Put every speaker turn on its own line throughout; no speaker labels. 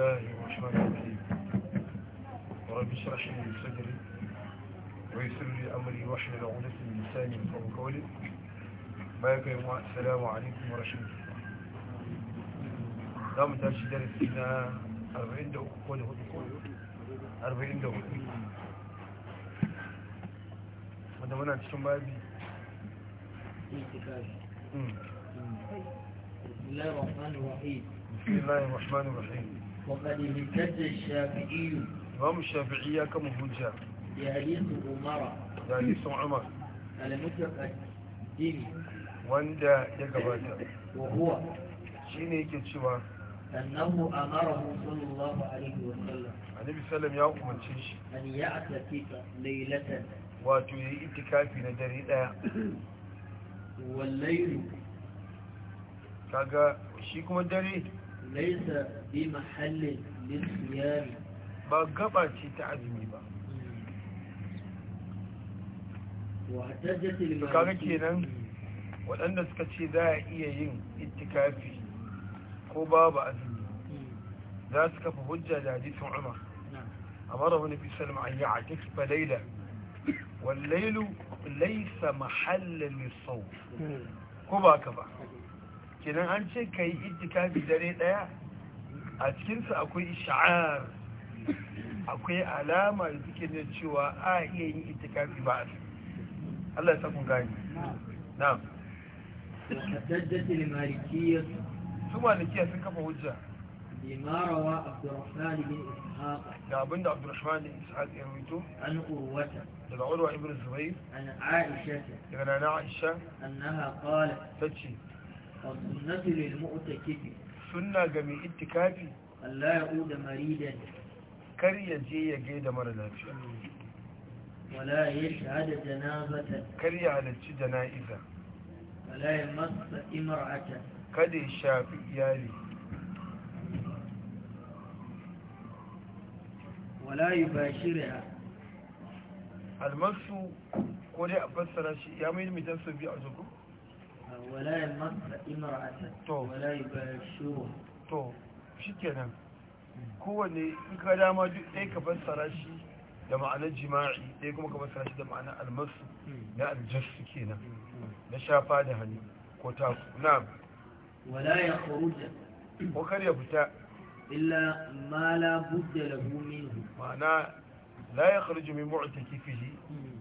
الله الرحمن الرحيم رب اشرح لي صدري ويسر لي امري واحلل عقدة من لساني يفقهوا قولي ما يكرم السلام عليكم ورحمة الله دام تاشي درسنا 40 دقيقة قولي قولي 40 دقيقة wanda muna cikin babi بسم الله الرحمن الرحيم بسم الله الرحمن الرحيم وقد اهتز الشافعي هم الشافعية كم هجة لحديث عمر لحديث عمر المطلق الديني wanda ya gabata shi ne yake cewa annahu amarahu
sallallahu alaihi wa sallam annabi sallam ya umarce shi an ya atlatika
laylatan wato yayi itikafi na dare daya wallayl kaga shi kuma dare laisa mahallin lissiyari ba gaba ce ta azumi ba kaga kenan waɗanda suka ce za a iya yin itikafi ko babu azumi za su kafa hujja da hadisin umar amara wani fi salma an yi a tafi laila wallailu laisa mahallin lissau hmm. ko ba ka ba hmm. kenan an ce kai yi itikafi dare daya a cikinsa akwai isha'ar akwai alama da suke ne cewa a iya yin itikafi ba Allah ya samu gani na'am tajjatul malikiyya su malikiya sun kafa hujja بما روى عبد الرحمن بن إسحاق لابد عبد الرحمن بن إسحاق يرويته عن أروة لما عروة ابن الزبير عن عائشة لما عائشة أنها قالت تجي والسنة للمؤتكف سنة جميع اتكافي ألا يعود مريدا kar ya je ya gaida mara lafiya wala ya shahada janazata kar ya halarci jana'iza wala ya masa imra'ata kada ya shafi iyali wala ya bashira almasu ko dai a fassara shi ya mai mitan su biyu a zuku wala ya masa imra'atan wala yubashiru to shikenan kowanne in ka dama duk ɗaya ka fassara shi da ma'anar jima'i ɗaya kuma ka fassara shi da ma'anar almasu hmm. na aljasu kenan na shafa da hannu ko ta taku na wala ya ko kar ya fita illa ma la budda lahu minhu ma'ana la yakhruju min mu'takifihi hmm.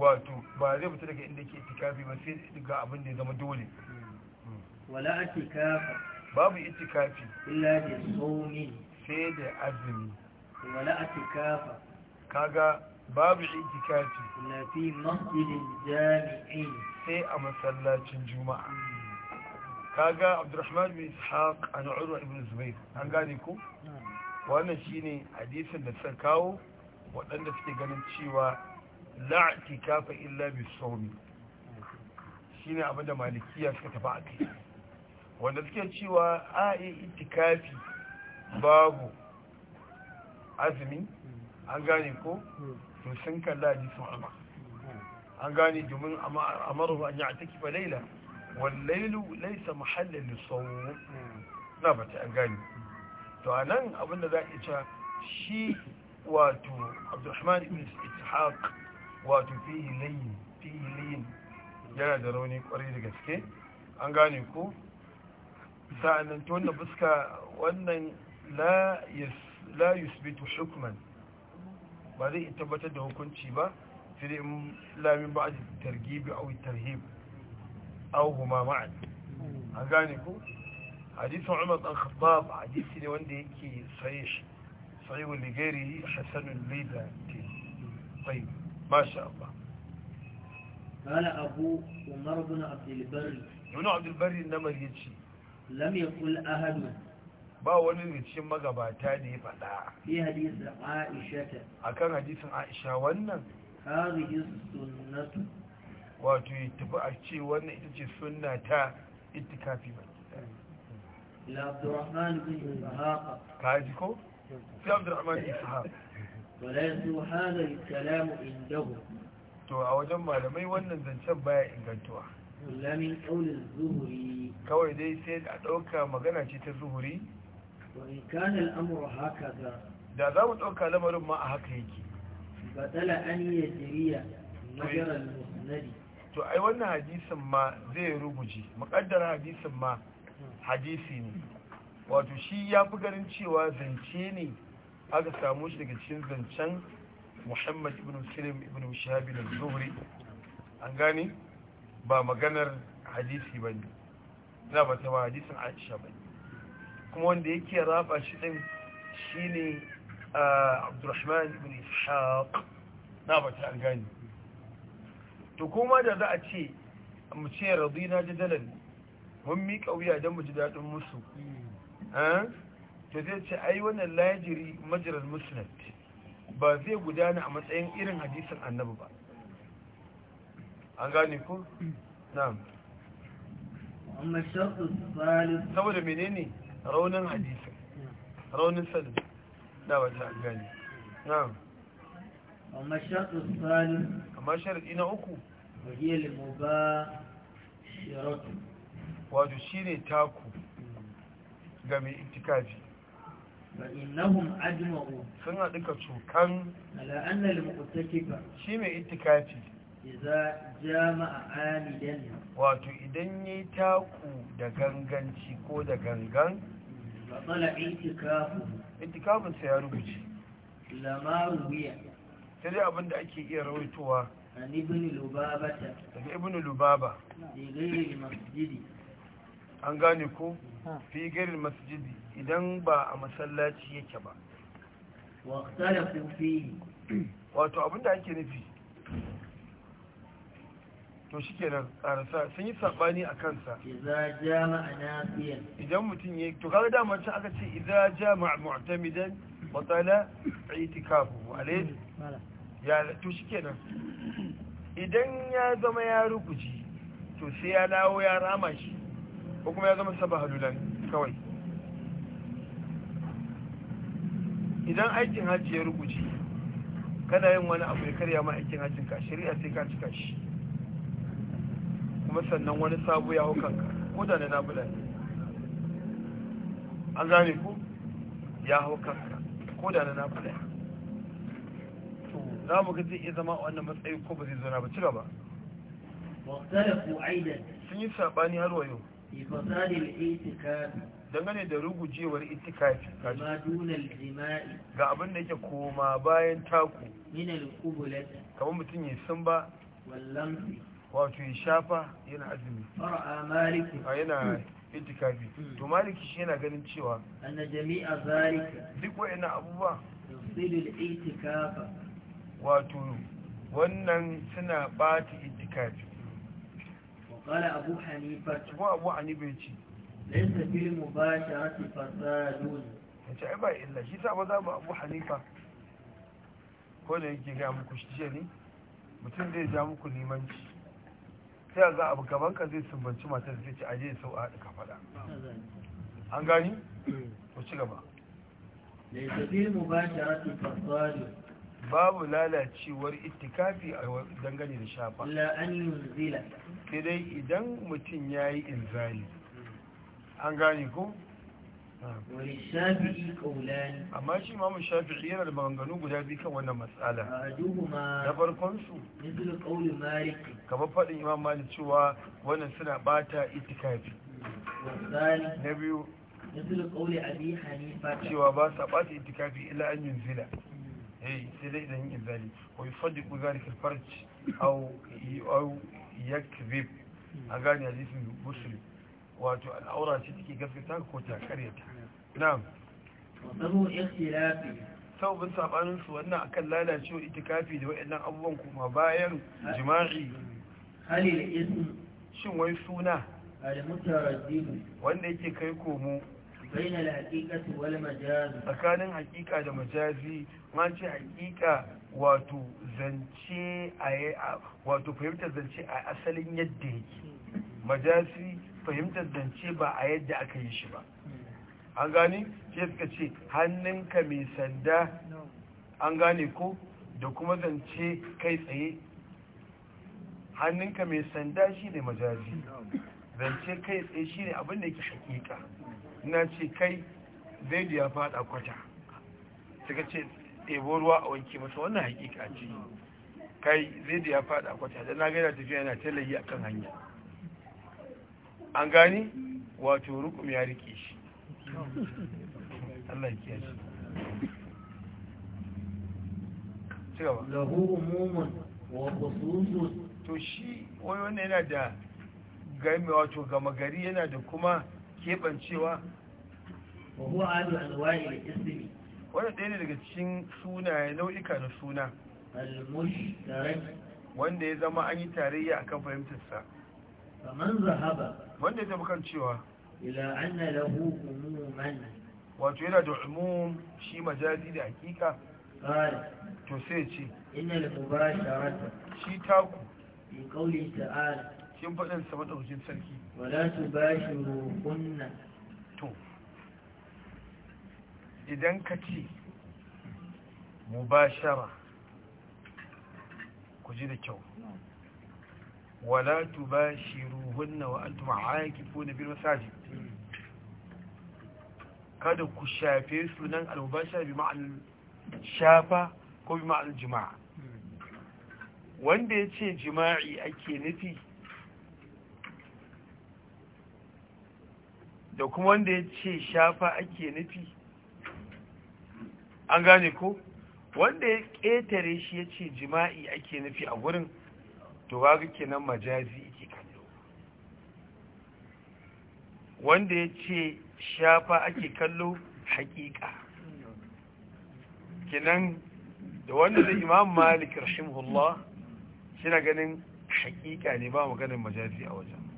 wato ba zai fita daga inda ke itikafi ba sai daga abin da ya zama dole wala itikafa babu itikafi illa bi sawmi sai da azumi wala itikafa kaga babu itikafi illa fi masjidin jami'i sai a masallacin juma'a kaga abdurrahman bin ishaq an urwa ibn zubair an gane ku wannan shine hadisin da suka kawo waɗanda suke ganin cewa la kafa illa bi sauni shi ne abinda malikiya suka tafa a kai wanda suke cewa a yi itikafi babu azumi an gane ko to sun kalla ji sun amma an gane domin amaru an yi a taki fa wani wallailu laisa mahallin lissawo na bata an gane to a nan abinda za a iya cewa shi wato abdulrahman ibn ishaq wato fihi layin fihi layin yana da rauni kwarai da gaske an gane ko sa'annan ta wannan fuska wannan la yusbitu hukman ba zai tabbatar da hukunci ba sai in lamin ba a targibi au tarhib au huma ma'an an gane ko hadisin umar dan khattab hadisi ne wanda yake sahih sahih lighairihi hasanul lidah tayyib ما شاء الله قال أبو عمر بن عبد البر بن عبد البر إنما يجي لم يقل أهد ba wani rikicin magabata da ya faɗa fi hadisin aisha akan hadisin aisha wannan hadhihi sunnatu wato ya tafi a ce wannan ita ce sunna ta itikafi ba la abdurrahman bin ishaq ji ko ishaq wala yasu hada kalamu indahu to a wajen malamai wannan zancen baya ingantuwa lamin kaulin zuhuri kawai dai sai a ɗauka magana ce ta zuhuri wani kanin amur haka za da za mu ɗauka lamarin ma a haka yake batsala an yi jiriya majalar musnadi to ai wannan hadisin ma zai rubuce makaddar hadisin ma hadisi ne wato shi ya fi ganin cewa zance ne aka samu shi daga cikin zancen muhammad ibn muslim ibn shahabin al-zuhri an gane ba maganar hadisi ba ne na ba ta ba hadisin aisha ba kuma wanda yake raba shi din shi ne abdurrahman ibn ishaq na ba ta an gane to kuma da za a ce mu ce radina jadalan mun miƙa wuya don mu ji daɗin musu hmm. eh? to zai ce ai wannan lajiri majalar musnad ba zai gudana a matsayin irin hadisin annabi ba an gane ko na'am saboda menene raunin hadisin raunin sanin da ba ta gane na'am amma sharaɗi na uku wato shi ne taku ga mai itikafi فإنهم أجمعوا سنة لك شوكان على أن المؤتكف شي ما إذا جامع عامدا واتو إدني تاكو دقنقن شيكو دقنقن فطلع اتكافه اتكاف سياربج لما روية تدي أبن دعكي إيه رويتوا عن ابن لبابة ابن لبابة لغير المسجد an gane fi gairin masjidi idan ba a masallaci yake ba wato abinda ake nufi to shi kenan karasa sun yi saɓani a kansa idan mutum ya yi to kaga damar can aka ce idan jama'a mu'tamidan matsala a yi tikafu alayi hmm, to shi kenan idan ya zama ya ruguji, to sai ya dawo ya rama shi ko kuma ya zama saba halulan kawai idan aikin hajji ya rubuce kana yin wani abu ya karya ma aikin hajjin ka shari'a sai ka cika shi kuma sannan wani sabo ya hau kanka ko da na nabula ne an gane ku ya hau kanka ko da na nabula to za mu ga zai iya zama a wannan matsayi ko ba zai zana ba ci gaba sun yi saɓani har wayo dangane da rugujewar itikafi jima'i ga abin da yake koma bayan taku min kamar mutum ya san ba wallan wato ya shafa yana azumi a maliki yana itikafi hmm. to maliki shi yana ganin cewa duk jami'a zalika duk abubuwa wato wannan suna ta itikafi qala abu hanifa wa abu hanifa yace laysa fil mubasharati fasadun yace ba illa shi sa maza ba abu hanifa ko da ne mutum zai ja muku limanci sai ga abu gaban ka zai sumbanci matar zai ce aje sau a haɗa an gani? Hmm. ko ci gaba da ya tafi mu ba shi babu lalacewar itikafi a dangane da shafa sai dai idan mutum ya yi inzali an gane ko? amma shi mun shafi yana da maganganu guda biyu kan wannan matsala na farkonsu kama faɗin imam malik cewa wannan suna bata itikafi na biyu cewa ba sa bata itikafi ila an yin zila sai dai idan izali wa yusaddiqu zalika al-farj aw aw yakzib an gane hadisin muslim wato al'aura ce take gaskata ko ta karyata na'am wadannu ikhtilafi saubin sabanin su wannan akan lalacewa itikafi da waɗannan abubuwan kuma bayan jima'i halil ism shin wai suna al-mutaraddid wanda yake kai komo tsakanin hakika da majazi wance hakika wato zance a wato fahimtar zance a asalin yadda yake majazi fahimtar zance ba a yadda aka yi shi ba an gani ke suka ce hannunka mai sanda an gane ko da kuma zance kai tsaye hannunka mai sanda shi ne majazi zance kai tsaye shi ne abinda yake hakika na ce kai zai da ya fada kwata suka ce ɗebo ruwa a wanke masa wannan hakika ce kai zai da ya fada kwata da na gaida tafiya yana talayi a kan hanya an gani wato rukun ya rike shi Allah ya shi lahu umuman wa khususun to shi wani wannan yana da gami wato gama gari yana da kuma keɓancewa wa huwa adu anwa'i da ismi wanda ɗaya ne daga cikin sunaye nau'ika na suna wanda ya zama an yi tarayya a kan fahimtarsa wanda ya tafi kan cewa wato yana da umum shi majazi da hakika to sai ce shi taku shin faɗin sama ɗaukin sarki wala tubashiruhunna to idan ka ce mubashara ku ji da kyau wala tubashiruhunna wa antum aakifuna bil masajid kada ku shafe sunan al-mubashara bi ma'an shafa ko bi ma'an jima'a wanda ya ce jima'i ake nufi da kuma wanda ya ce shafa ake nufi an gane ko wanda ya ƙetare shi ya ce jima'i ake nufi a gurin to waga kenan majazi ke kallo wanda ya ce shafa ake kallo haƙiƙa kenan da wanda da imam malik rahimahullah shi na ganin haƙiƙa ne ba maganin majazi a wajen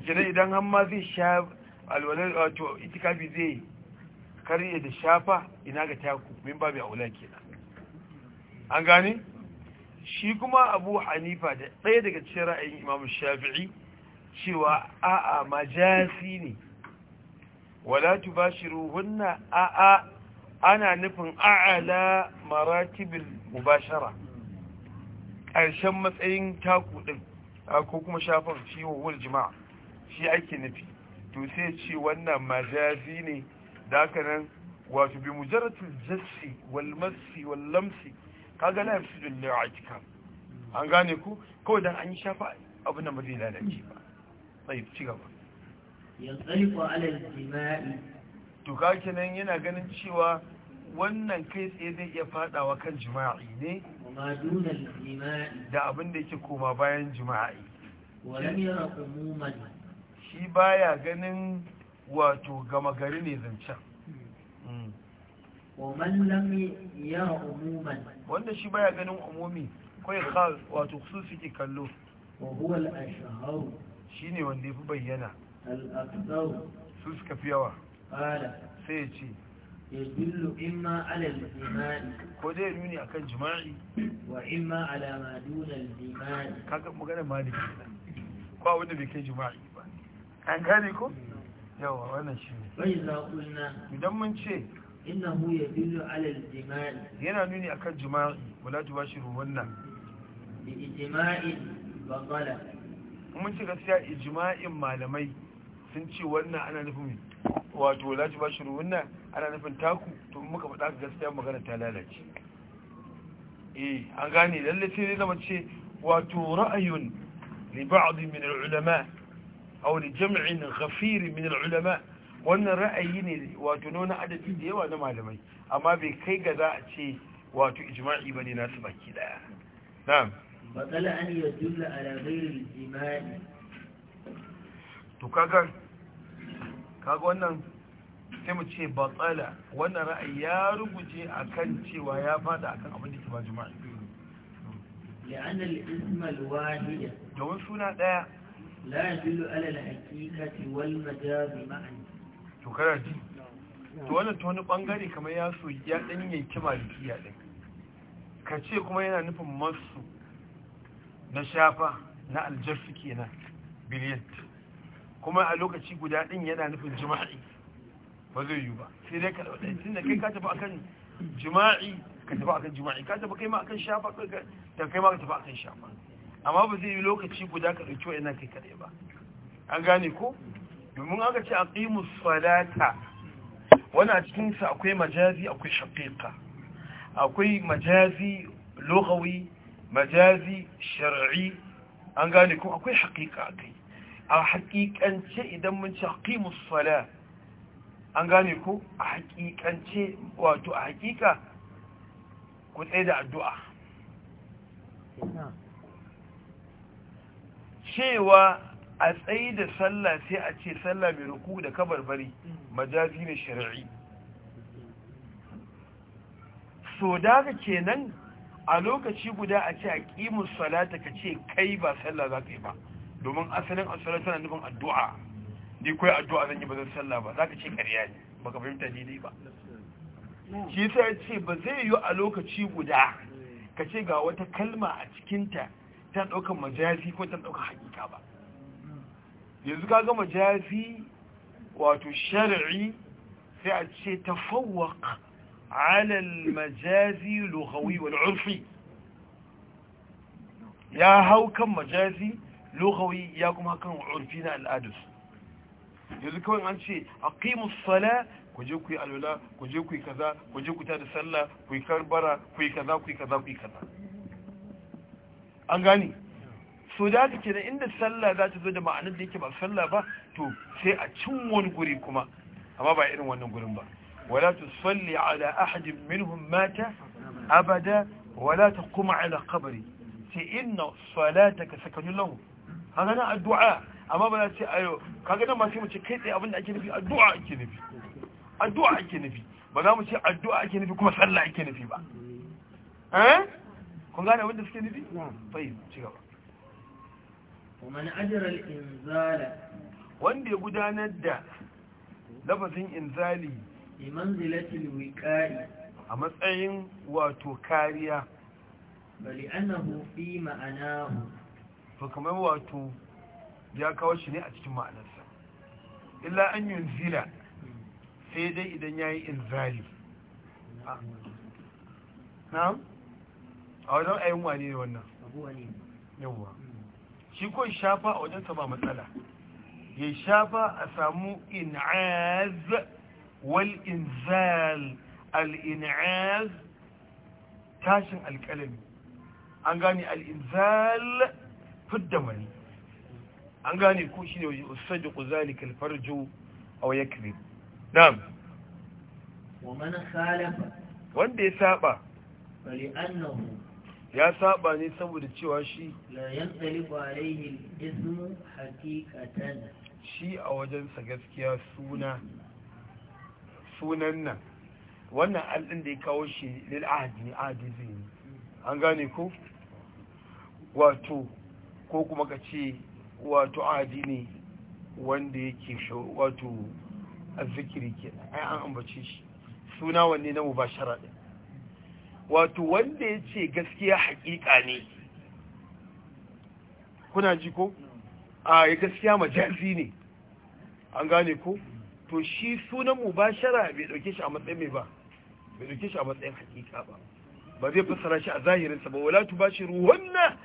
to idan an ma zai sha alwalar wato itikafi zai karye da shafa ina ga taku min babu wula kenan an gane shi kuma abu hanifa da ɗaya daga cikin ra'ayin imamu shafi'i cewa a'a majasi ne wala tubashiruhunna a'a ana nufin a'ala maratibin mubashara ƙarshen matsayin taku ɗin ko kuma shafin ciwo wul jima'a shi ake nufi to sai ce wannan majazi ne da haka nan wato bi mujaratul jassi wal masi wal lamsi kaga la yafsidu li'atika an gane ku kawai dan an shafa abu da ba zai lalace ba sai ci gaba yanzu ko alal jima'i to kake nan yana ganin cewa wannan kai tsaye zai iya fadawa kan jima'i ne da abin da yake koma bayan jima'i lam yara عموما shi baya ganin wato gama gari ne zancen hmm. wanda shi baya ganin umumi kawai khas wato khususi ke kallo shi ne wanda ya fi bayyana su suka fi yawa sai ya ce يدل إما على الإيمان كده ينوني أكل جماعي
وإما على ما دون الإيمان كاكا مغانا مالك كوا وانا
بكي جماعي an gane ko yawa wannan shi ne idan mun ce innahu yadullu ala alal jimai yana nuni akan jima'i wala tubashiru wannan bi ijma'i mun ce gaskiya ijma'in malamai sun ce wannan ana nufin wato wala tubashiru wannan ana nufin taku to muka faɗa ka gaskiya magana ta lalace eh an gane lalle sai zama ce wato ra'ayun li ba'd min al-ulama' aw li na ghafir min al-ulama wannan ra'ayi ne wato nuna adadi da yawa na malamai amma bai kai ga a ce wato ijma'i bane nasu baki daya na'am matsala an to kaga wannan sai mu ce batsala wannan ra'ayi ya rubuje akan cewa ya fada akan abin da ke ba jima'i domin suna daya la yadullu ala al-haqiqati wal majaz ma'an to
wannan
to wannan wani bangare kamar ya so ya dan yanki malikiya din ka ce kuma yana nufin masu na shafa na aljarsu kenan biliyat kuma a lokaci guda din yana nufin jima'i ba zai yi ba sai dai ka dauka tunda kai ka tafi akan jima'i ka tafi akan jima'i ka tafi kai ma akan shafa da kai ma ka tafi akan shafa amma ba zai yi lokaci guda ka ɗauki ina kai kaɗai ba an gane ko domin aka ce a ƙimus falata wani a cikinsa akwai majazi akwai shafiƙa akwai majazi lokawi majazi shari'i an gane ko akwai haƙiƙa a kai a haƙiƙance idan mun ce ƙimus fala an gane ko a haƙiƙance wato a haƙiƙa ku tsaye da addu'a cewa a tsayi da sallah sai a ce sallah mai ruku da kabarbari majazi ne shari'i so da kenan a lokaci guda a ce a ƙimus salata ka ce kai ba sallah za ka yi ba domin asalin salata na nufin addu'a ni kai addu'a zan yi ba zan sallah ba za ka ce karya ne ba ka fahimta daidai ba shi sai ce ba zai yi a lokaci guda ka ce ga wata kalma a cikinta ta ɗaukar majazi ko ta ɗaukar hakika ba yanzu ka ga majazi wato shari'i sai a ce tafawwaq ala al-majazi lokawi wani urfi ya hau kan majazi lokawi ya kuma kan urfi na al'adus yanzu kawai an ce aqimus sala ku je ku yi alwala ku je ku yi kaza ku je ku tada sallah ku yi karbara ku yi kaza ku yi kaza ku yi kaza an gani so da haka kenan inda sallah za ta zo da ma'anar da yake ba sallah ba to sai a cin wani guri kuma amma ba irin wannan gurin ba wala salli ala ahadin minhum mata abada wala ta kuma ala kabari sai inna ka sakanun lahu haka na addu'a amma ba za ce ayo kaga nan ma sai mu ce kai tsaye abinda ake nufi addu'a ake nufi addu'a ake nufi ba za mu ce addu'a ake nufi kuma sallah ake nufi ba eh kun gane wanda suke nufi tayyib ci gaba wa man ajra inzala wanda ya gudanar da lafazin inzali iman manzilati wikari a matsayin wato kariya bali annahu fi ma'anahu to kamar wato ya kawo shi ne a cikin ma'anarsa illa an zila sai dai idan ya yi inzali na'am a wajen ayin wane ne wannan yawwa shi ko shafa a wajen sa ba matsala ya shafa a samu in'az wal inzal al in'az tashin alkalami an gane al inzal fidda mani an gane ko shine wajen usadiqu zalika al farju aw yakrib na'am wa man khalafa wanda ya saba fa li annahu ya saba ne saboda cewa shi la yantaliqu alayhi al-ismu haqiqatan shi a wajensa gaskiya suna sunan nan wannan al'in da ya kawo shi lil ahdi ne ahdi zai an gane ko wato ko kuma ka ce wato ahdi ne wanda yake wato azzikiri kenan ai an ambace shi suna wanne na mubashara din wato wanda ya ce gaskiya haƙiƙa ne kuna ji ko a ya gaskiya majazi ne an gane ko to shi sunan mubashara bai dauke shi a matsayin mai ba bai dauke shi a matsayin haƙiƙa ba ba zai fassara shi a zahirinsa ba wala tubashiru wannan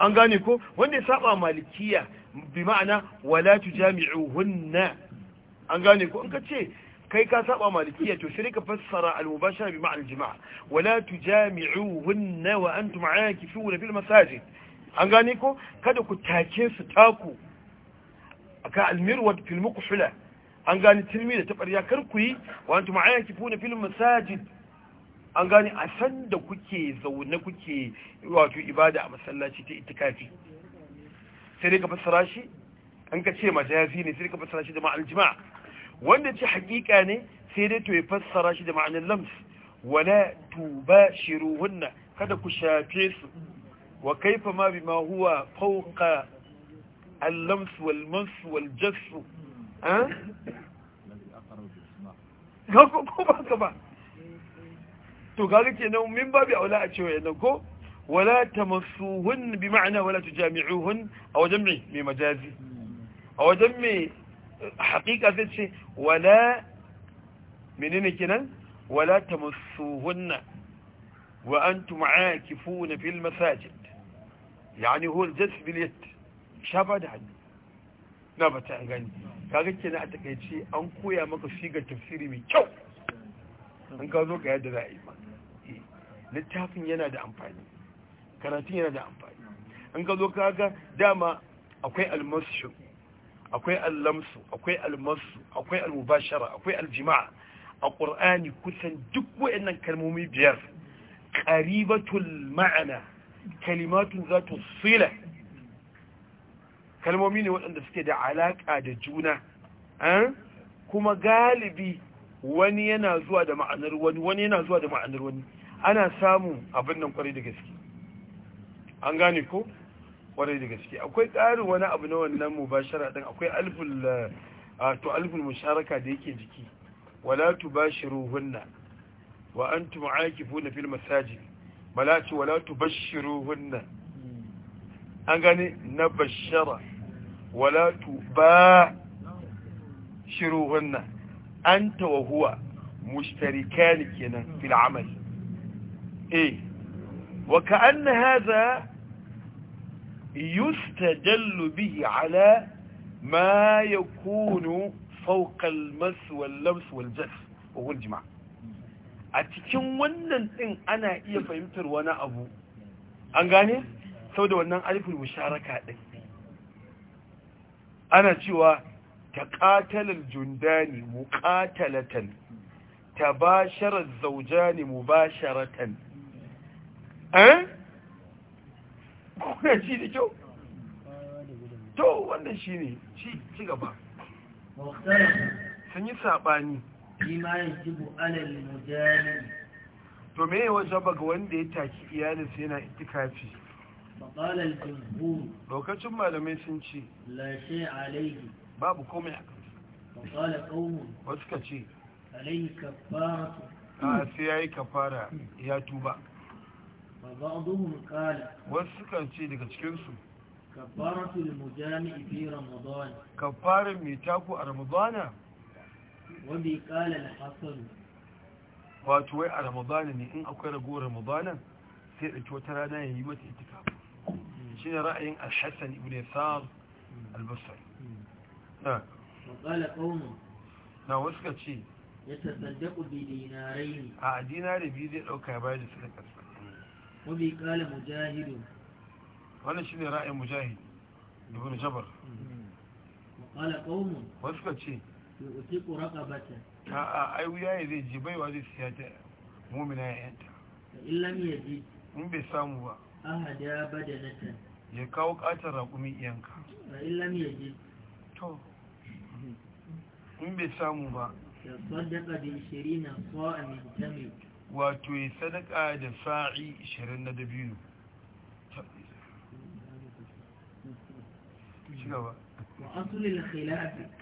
an gane ko wanda ya saba malikiya bi ma'ana wala tu tujami'uhunna an gane ko in ka ce kai ka saba malikiya to sai ka fassara al-mubashara bi ma'al jama'a wala tujami'uhunna wa antum aakifuna fil masajid an gane ko kada ku take su taku aka al-mirwad fil muqhila an gane tilmi da tabariya kar ku yi wa antum aakifuna fil masajid an gane a san da kuke zaune kuke wato ibada a masallaci ta itikafi sai dai ka fassara shi an ka ce majazi ne sai dai ka fassara shi da ma'al jama'a wanda ce hakika ne sai dai to ya fassara shi da ma'anar lams wala tuba shiruhunna kada ku shafe su wa kaifa ma bima huwa fawqa al-lams wal mans wal jass ah ko ba ka ba to kaga kenan min babu aula a cewa yana ko wala tamassuhun bi ma'ana wala tujami'uhun a wajen mai mai majazi a wajen mai haƙiƙa sai ce wala menene kenan wala ta tamassuhunna wa an antum aakifuna fil masajid ya ni al-jasb bil yad shafa da hannu na ba ta gani kaga kenan a takeice an koya maka shigar tafsiri mai kyau an ka zo ga yadda za a yi ma eh, littafin yana da amfani karatun yana da amfani an ka zo kaga dama akwai almasu akwai al-lamsu akwai almasu akwai almubashara akwai aljima'a a ƙur'ani kusan duk wayannan kalmomi biyar qaribatul ma'ana kalimatun zatu sila kalmomi ne waɗanda suke da alaƙa da juna eh? kuma galibi wani yana zuwa da ma'anar wani wani yana zuwa da ma'anar wani ana samun abin nan kwarai da gaske an gane ko kwarai da gaske akwai ƙarin wani abu na wannan mubashara din akwai alful musharaka da yake jiki wala tubashiruhunna wa an antum aakifuna fil masajid malati wala tubashiruhunna an gani na bashara wala tubashiruhunna anta wa huwa mushtarikani kenan fil amal eh وكأن هذا يستدل به على ما يكون فوق المس واللمس والجس وهو الجماع a cikin wannan ɗin ana iya fahimtar wani abu an gane sau da wannan alifin musharaka ɗin ana cewa ta ƙatalar jundani muƙatalatan ta basharar zaujani mubasharatan eh kuna ci da kyau to wannan shi ne ci gaba sun yi saɓani to me yi zaba ga wanda ya taki iyalinsa yana itikafi lokacin malamai sun ce babu komai a wasu ka ce a sai ya yi kafara ya tuba wasu kan ce daga cikinsu kafaratul mujami'i fi ramadan kafarin mai taku a ramadana wanda kala al-hasan wato wai a ramadana ne in akwai ragowar ramadana sai da wata rana ya yi mata itika shine ra'ayin al-hasan ibn yasar al-basri na qala na wasu ka ce ya tasaddaqu bi ne. a dinari biyu zai dauka bayar da sadakarsa wabi kala mujahidu wannan shine ra'ayin mujahid ibn jabr wa qala qaumun wasu ce yu'tiqu raqabata a'a ai wuya zai ji baiwa zai siya ta mu'mina ya yanta in lam yaji in bai samu ba da badanatan ya kawo katar raƙumin iyanka in lam yaji to in bai samu ba ya saddaka bi 20 sa'a min tamir wato ya sadaka da sa'i 20 na dabino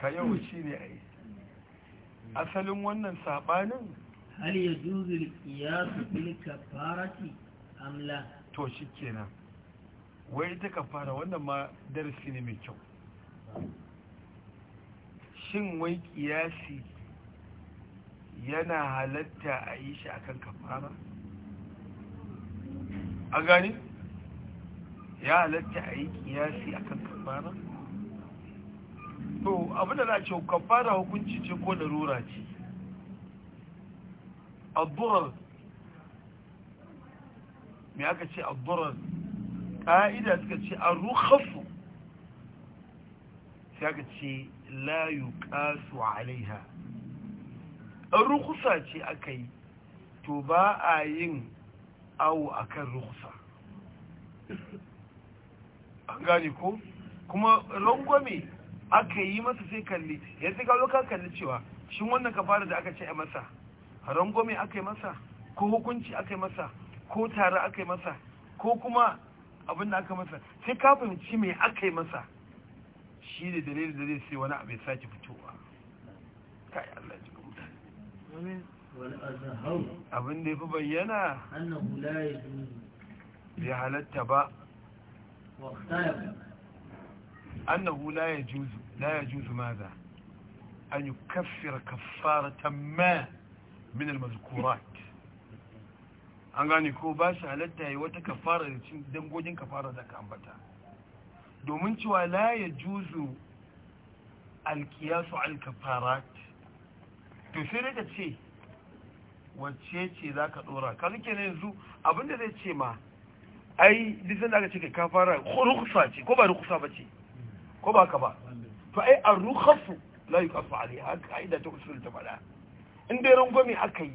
ka yau shi ne a yi asalin wannan saɓanin hal ya juzul iyasu bilka farati amla to shi kenan wai ta kafara wannan ma darasi ne mai kyau shin wai kiyasi yana halatta a yi shi akan kafara a gani ya halatta a yi kiyasi akan kafara to abinda na ce kafara hukunci ce ko rura ce addu'ar me aka ce addu'ar ƙa'ida suka ce an rukhafu sai aka ce la yuqasu alaiha rukusa ce aka yi to ba a yin awo a akan rukusa an gane ko kuma rangwame aka yi masa sai kalli yanzu ka ka kalli cewa shi wannan kafara da aka ce a masa rangwame aka yi masa ko hukunci aka yi masa ko tare aka yi masa ko kuma abinda aka masa sai kafin ci mai aka yi masa shi da dalilin da zai sai wani abu ya sake fitowa Ka yi. abin da ya fi bayyana ya halatta ba annahu la ya juzu la ya juzu maza an yi kafir kafaratan ma min almazkurat an gane ko ba shi halatta ya yi wata kafara da cin dangogin kafara da ka ambata domin cewa la ya juzu alkiyasu alkafarat to sai daga ce wacce ce za ka ɗora ka suke ne yanzu abinda zai ce ma ai disan da aka ce ka fara rukusa ce ko ba rukusa ba ce ko ba ka ba to ai a rukafu la yi kafa ali haka a idata usul ta faɗa in dai rangwami aka yi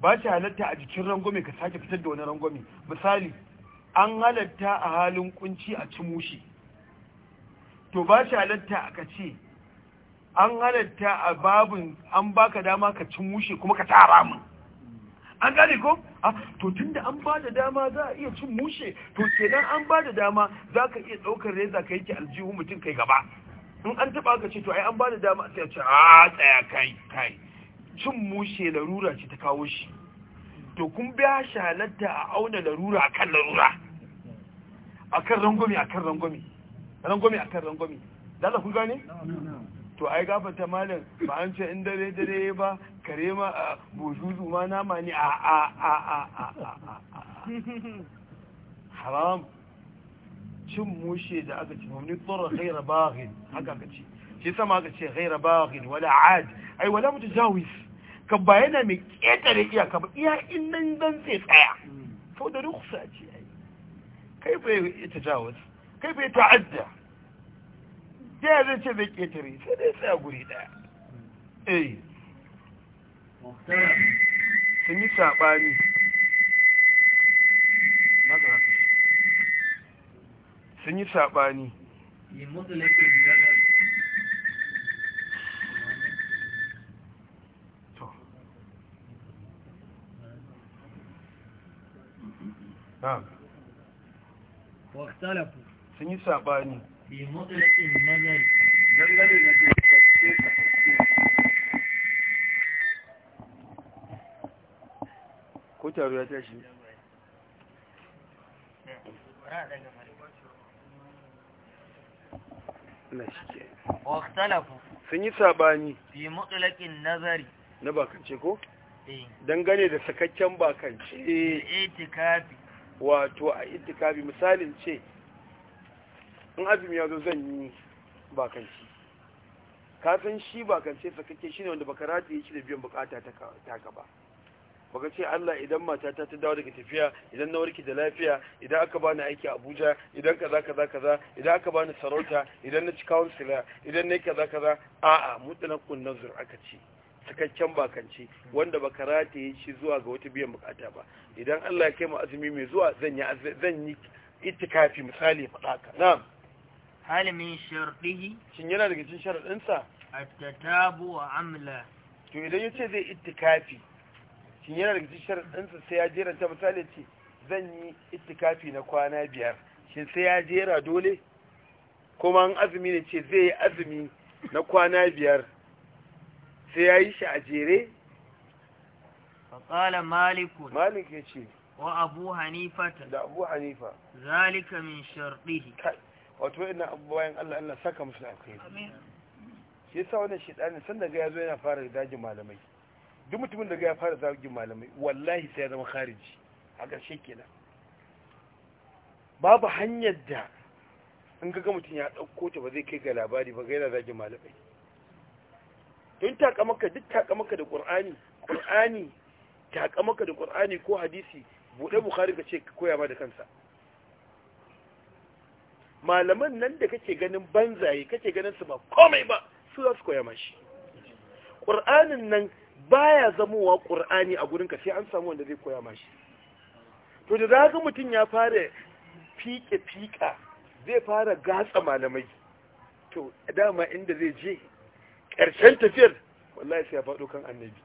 ba ta halatta a jikin rangwami ka sake fitar da wani rangwami misali an halatta a halin kunci a cimushi mushi to ba ta halatta aka ce an halatta a babin an baka dama ka cin mushe kuma ka tara min an gane ko to tunda an ba da dama za a iya cin mushe to kenan an ba da dama za ka iya ɗaukar reza ka yake aljihu mutum kai gaba in an taɓa ka ce to ai an ba da dama sai a ce a tsaya kai kai cin mushe larura ce ta kawo shi to kun biya shi a auna larura akan larura akan rangwami akan Rangwami, rangwami akan rangwami. dala kun gane to ai gafata malam ba an ce in dare dare ba kare ma a bujuzu ma nama ni a a a a a haram cin mushe da aka ce mamni tsoron ghaira baghin haka aka ce shi sama aka ce ghaira baghin wala ad ai wala jawis ka ba yana mai ƙetare iyaka ba iya in nan dan sai tsaya to da rukusa ce ai kai bai jawis kai bai ta'adda ta zai ce zai ƙetare sai dai tsaye guri ɗaya eh sun yi saɓani sun yi saɓani Ah.
Wa sun yi saɓani. bi mutlaƙin nazari
dangane da tattace واختلفوا sun yi sabani fi النظر nazari na bakance ko eh. dangane da sakakken bakance eh
itikafi
wato a itikafi misalin ce in azumi ya zo zan yi bakanci ka san shi bakance shi ne wanda baka rataye shi da biyan bukata ta gaba ba baka ce Allah idan matata ta dawo daga tafiya idan na warke da lafiya idan aka bani aiki a Abuja idan kaza kaza kaza idan aka bani sarauta idan na ci councilor idan nayi kaza kaza a'a kun nazar aka ce cikakken bakanci wanda baka rataye shi zuwa ga wata biyan bukata ba idan Allah ya kai mu azumi mai zuwa zan yi zan yi itikafi misali faɗa ka na'am hal min shartihi shin yana daga cikin sharadin sa at-tatabu wa amla to idan yace zai ittikafi shin yana daga cikin sharadin sa sai ya jera ta misali ce zan yi ittikafi na kwana biyar shin sai ya jera dole kuma an azumi ne ce zai yi azumi na kwana biyar sai ya yi shi a jere? faƙala malikun malik ya ce wa abu hanifa da abu hanifa zalika min sharɗihi wato ina bayan Allah Allah saka musu alkhairi shi yasa wannan shedani san daga yazo yana fara dajin malamai duk mutumin daga ya fara daji malamai wallahi sai ya zama khariji a ƙarshe kenan babu hanyar da in ga mutum ya dauko ta ba zai kai ga labari ba ga yana daji malamai ka takamaka duk takamaka da ta ka takamaka da qur'ani ko hadisi buɗe bukhari ka ce ka koya ma da kansa malaman nan da kake ganin banzaye kake ganin su ba komai ba su za su koya mashi ƙur'anin nan baya zamowa ƙur'ani a gurin ka sai an samu wanda zai koya mashi to da za mutum ya fara fike-fika zai fara gatsa malamai to dama inda zai je ƙarshen tafiyar wallahi sai ya faɗo kan annabi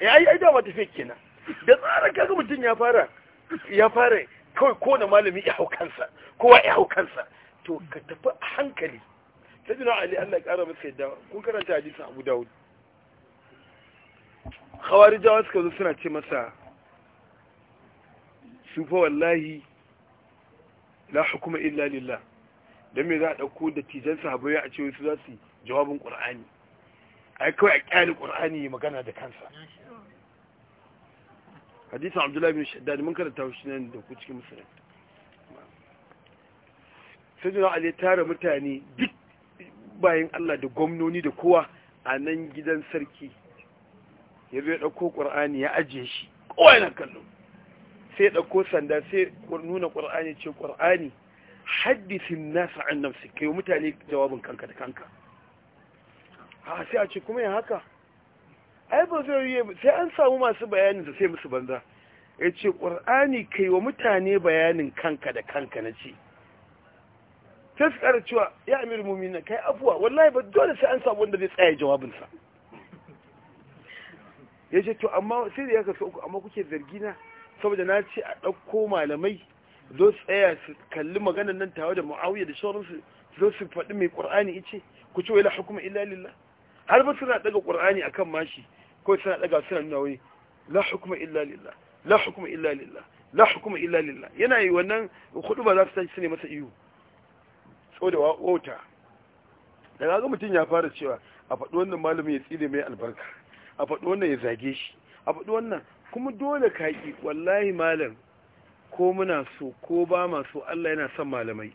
ya eh, yi dama tafiyar kenan da tsara kaga mutum ya fara ya fara kawai kowane malami ya hau kansa kowa ya hau kansa to ka tafi a hankali sayyidina ali Allah ya kara masa yadda kun karanta hadisin Abu Dawud khawarijawa suka zo suna ce masa sufa wallahi la hukuma illa lillah dan me za a dauko da tijan sahabbai a ce su za su jawabin qur'ani ai kawai a kyale qur'ani magana da kansa hadisin abdullahi bin shaddadi mun karanta shi nan da ku cikin musulun sai jina ali tara mutane duk bayan Allah da gwamnoni da kowa a nan gidan sarki ya zo ya dauko ƙwar'ani ya ajiye shi kowa yana kallo sai ya ɗauko sanda sai nuna ƙwar'ani ce ƙwar'ani haddisin nasa an nafsi kai mutane jawabin kanka da kanka ha sai a ce kuma ya haka ai ba zai yi sai an samu masu bayanin da sai musu banza ya ce ƙwar'ani kai wa mutane bayanin kanka da kanka na ce sai su ƙara cewa ya amir mumina kai afuwa wallahi ba dole sai an samu wanda zai tsaya jawabinsa ya ce to amma sai da ya kasu uku amma kuke zargina saboda na ce a ɗauko malamai zo tsaya su kalli maganar nan tawa da maauya da shawararsu zo su faɗi mai ƙwar'ani ice ku ce wai la hukuma illa lillah har ba suna ɗaga ƙur'ani akan mashi ko suna daga suna nuna wani la hukuma illa lillah la hukuma illa lillah la hukuma illa lillah yana yi wannan hudu ba za su tashi su ne masa iyo da wauta daga ga mutum ya fara cewa a faɗi wannan malamin ya tsire mai albarka a faɗi wannan ya zage shi a faɗi wannan kuma dole ka yi wallahi malam ko muna so ko ba ma so Allah yana son malamai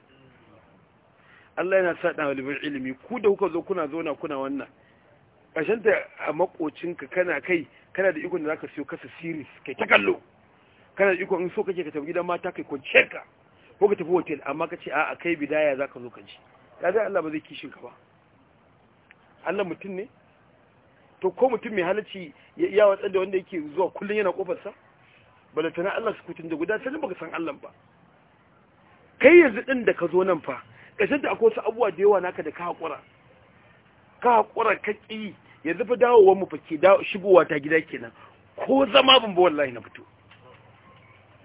Allah yana sa ɗalibin ilimi ku da kuka zo kuna zo na kuna wannan ƙarshen da a makocinka kana kai kana da ikon da zaka siyo kasa siris kai ta kallo kana da ikon in so kake ka tafi gidan mata kai kwance ka ko ka tafi hotel amma ka ce a'a kai bidaya zaka zo ka ji zai Allah ba zai kishin ka ba Allah mutum ne to ko mutum mai halacci ya iya watsar da wanda yake zuwa kullum yana kofarsa ba tana Allah su kutun da guda ba baka san Allah ba kai yanzu din da ka zo nan fa kashin da akwai wasu abubuwa da yawa naka da ka haƙura ka haƙura ka ƙi yanzu fi dawowar mu fake shigowa ta gida kenan ko zama ban ba wallahi na fito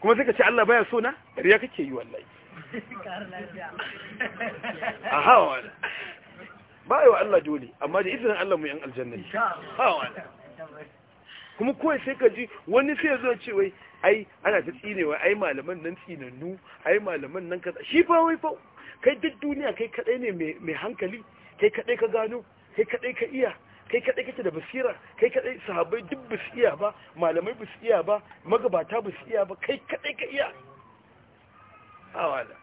kuma sai ka ce Allah baya so na ya kake yi wallahi
aha wala
ba yi wa Allah dole amma da izinin Allah mu yan aljanna ne ha wala kuma kawai sai ka ji wani sai zo ce wai ai ana ta tsinewa ai malaman nan tsinannu ai malaman nan kaza shi fa wai fa kai duk duniya kai kadai ne mai hankali kai kadai ka gano kai kadai ka iya kai kaɗai kake da basira kai kaɗai sahabai duk ba su iya ba malamai ba su iya ba magabata ba su iya ba kai kaɗai ka iya hawala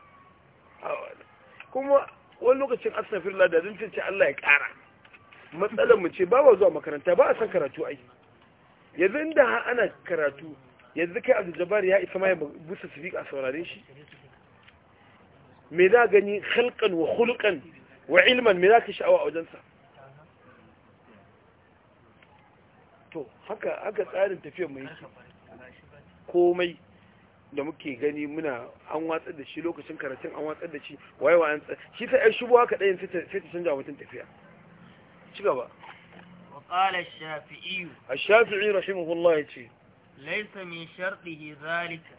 hawala kuma wani lokacin astaghfirullah da zan ce Allah ya ƙara matsalar mu ce ba wa zuwa makaranta ba a san karatu ai yanzu inda har ana karatu yanzu kai Abdul Jabbar ya isa mai busa su a saurare shi me za gani halkan wa hulukan wa ilman me za ka sha'awa a wajensa haka haka tsarin tafiyar mai yake komai da muke gani muna an watsar da shi lokacin karatun an watsar da shi waye wa an shi ta shubuwa ka dayin sai ta canja mutum tafiya ci gaba
wa qala ash-shafi'i
ash-shafi'i rahimahullah
laisa mai min shartihi zalika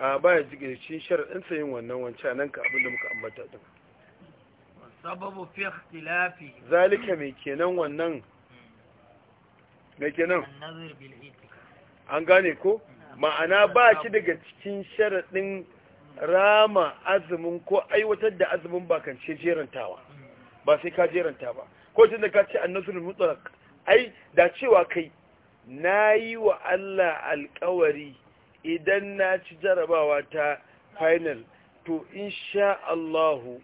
a baya jige shi sharadin sa wannan wancan nan ka abinda muka ambata ɗin sababu fi ikhtilafi zalika mai kenan wannan me kenan an gane ko ma'ana ba shi daga cikin sharaɗin rama azumin ko aiwatar da azumin ba kan ce jerantawa ba sai ka jeranta ba ko tun da ka ce annasrul mutlaq ai da cewa kai na yi wa Allah alkawari idan na ci jarabawa ta final to insha allahu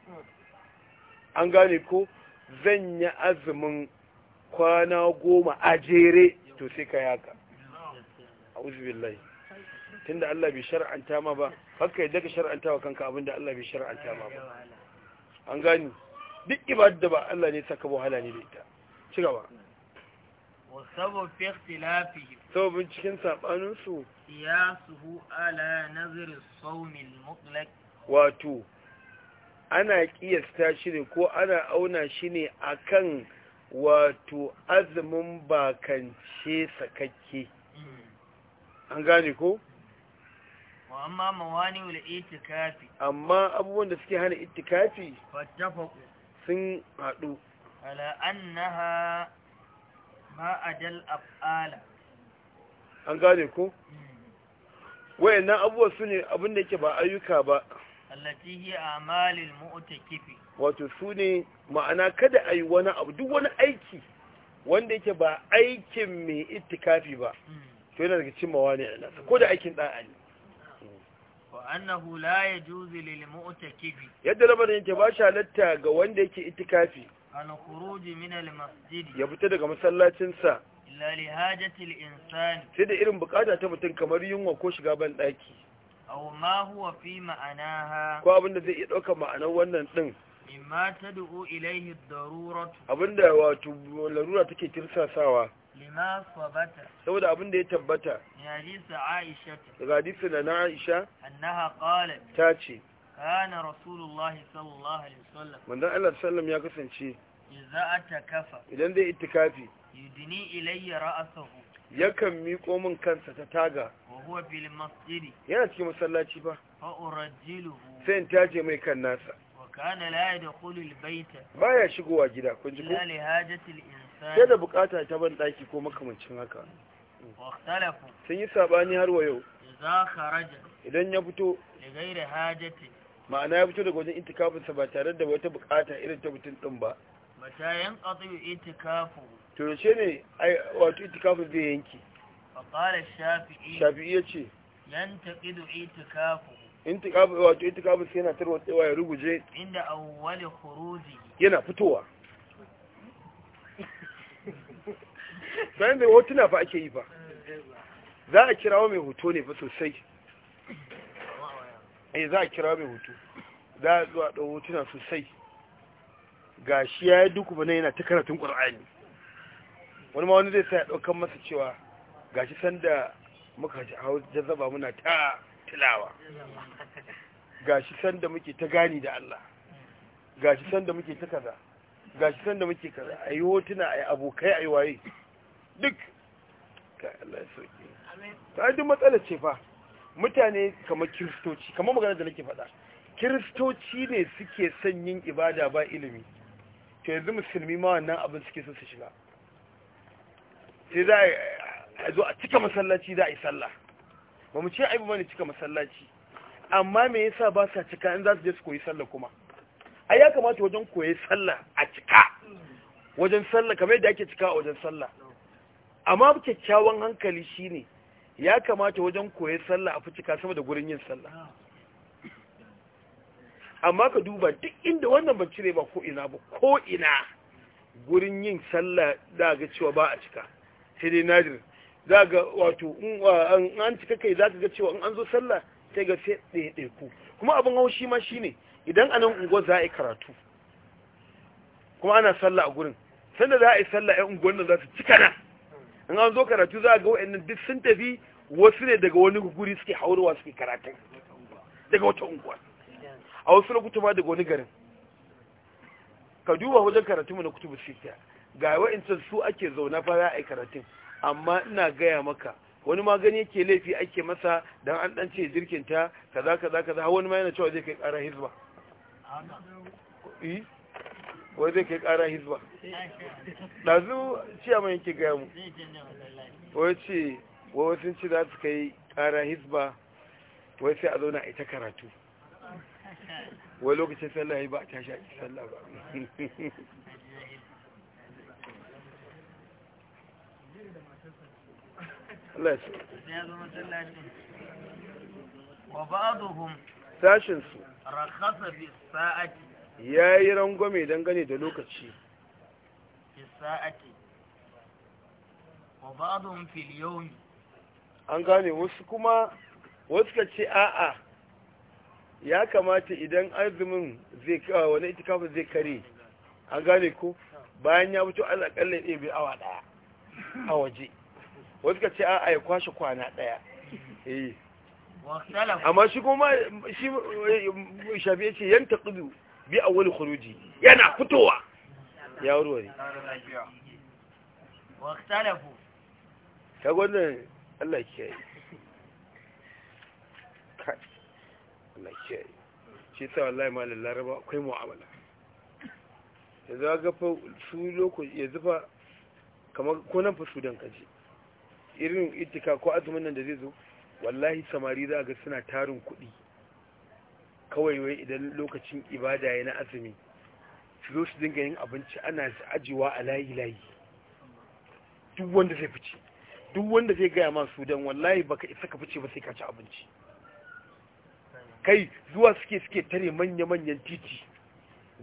an gane ko zan yi azumin kwana goma a jere to sai ka yaka a uzubillahi tun da Allah bai shar'anta ma ba haka yadda ka shar'anta wa kanka abinda Allah bai shar'anta ma ba an gani duk ibadar da ba Allah ne saka wahala ne da ita ci gaba
wasabon fi ikhtilafihim
sabon cikin sabanin su
suhu ala nazirin as mutlak
wato ana kiyasta shi ne ko ana auna shi ne akan wato azumin bakance sakakke an gane ko?
amma mawani wula itikafi
amma abubuwan da suke hana itikafi sun haɗu
ala annaha ma'adal af'ala
an gane ko? Hmm. wayannan abubuwa su ne abinda yake ba ayyuka ba
allati hi amalil kifi
wato su ne ma'ana kada a yi wani abu duk wani aiki wanda yake ba aikin mai itikafi ba to yana daga cin mawani a ko da aikin ɗa'a ne annahu
la yajuzu lil mu'takifi
yadda lamarin yake ba shi ga wanda yake itikafi
an khuruji min al masjid
ya fita daga masallacin sa
illa li hajati al insan
sai da irin bukata ta mutum kamar yunwa ko shiga ban daki
aw ma huwa fi ma'anaha ko abinda
zai iya dauka ma'anar wannan din
mimma tad'u ilayhi ad-daruratu abinda
wato larura take tirsasawa
lima sabata
saboda abin da ya tabbata
ya hadisa aisha
daga hadisa da na aisha
annaha qalat ta ce kana rasulullahi sallallahu alaihi wasallam
manzon Allah sallam ya kasance
idza atakafa
idan zai itikafi
yudini ilayya ra'sahu
yakan miƙo min kansa ta taga
wa huwa bil masjidi
yana cikin masallaci ba
fa urajjiluhu
sai in taje mai kan nasa
kana la yadkhulu albayta baya
shigowa gida kun ji ko la
hajati al-insan sai da
bukata ta ban daki ko makamancin haka
wa ikhtalafu
sun yi sabani har wayo
za kharaja
idan ya fito
da gairi hajati
ma'ana ya fito daga wajen itikafin sa ba tare da wata bukata irin ta mutun din ba
mata yanqati itikafu
to yace ne wato itikafin zai yanki
fa qala shafi'i
shafi'i yace
yantaqidu itikafu
intiqabu wato intiqabu sai yana tarwatsewa ya ruguje
inda awwali khuruji
yana fitowa sai da hotuna fa ake yi fa za a kirawo mai hoto ne fa sosai eh za a kirawo mai hoto za a zuwa ɗau hotuna sosai gashi ya yi duku bane yana ta karatun ƙwar'ani wani ma wani zai sai ya ɗaukan masa cewa gashi sanda muka hau jazzaba muna ta tilawa gashi sanda muke ta gani da Allah gashi sanda muke ta kaza gashi sanda muke kaza ayi hotuna ayi abokai ayi waye duk ka Allah ya sauke ta duk matsalar ce fa mutane kamar kiristoci kamar magana da nake faɗa kiristoci ne suke son yin ibada ba ilimi to yanzu musulmi ma wannan abin suke so su shiga sai za a zo a cika masallaci za a yi sallah ba mu ce aibu cika masallaci amma me yasa ba sa cika in za su je su koyi sallah kuma ai ya kamata wajen koyi sallah a cika wajen sallah kamar yadda ake cika a wajen sallah amma kyakkyawan hankali shine ya kamata wajen koyi sallah a fi cika sama da gurin yin sallah amma ka duba duk inda wannan ban cire ba ko ina ba ko ina gurin yin sallah da ga cewa ba a cika sai dai nadir za ga wato an cika kai za ka ga cewa an zo sallah sai ga sai ku kuma abin haushi ma shine idan anan unguwar za a yi karatu kuma ana sallah a gurin sanda za a yi sallah yan unguwar nan za su cika na in an zo karatu za a ga wa'annan duk sun tafi wasu ne daga wani guri suke haurawa suke karatu daga wata unguwa a wasu lokuta ma daga wani garin ka duba wajen karatu mu na kutubu sita ga wa'ancan su ake zauna fa za a yi karatun amma ina gaya maka wani ma gani yake laifi ake masa dan an dan ce jirkinta kaza kaza kaza wani ma yana cewa zai kai ƙara hizba eh? wai zai kai ƙara hizba ɗazu shi mai yake gaya mu wai ce wai sun ci za su kai ƙara hizba wai sai a zauna a ita karatu wai lokacin sallah ba a tashi a sallah ba sashin su
ya yi sa'ati
yayi rangwame dangane da lokaci wa an gane wasu kuma wasu ka ce a'a ya kamata idan arzimin zai kawo wani itikafin zai kare an gane ko bayan ya mutu alaƙalla ɗaya bai awa ɗaya a waje wasu ka ce a ya kwashe kwana ɗaya eh. amma shi kuma shi eh, shafi ce yan taƙudu bi a wani kuruji yana fitowa ya ne ta gwanin allah kiyaye allah kiyaye shi sa wallahi malin laraba akwai mu'amala ya zaga fa su lokaci ya zufa kamar konan fasudan kaji irin itika ko azumin nan da zai zo wallahi samari za ga suna tarin kuɗi kawai wai idan lokacin ibada ya na azumi su zo su dinga yin abinci ana su ajiwa a layi-layi duk wanda zai fice duk wanda zai gaya masu don wallahi baka isa ka fice ba sai ka ci abinci kai zuwa suke suke tare manya-manyan titi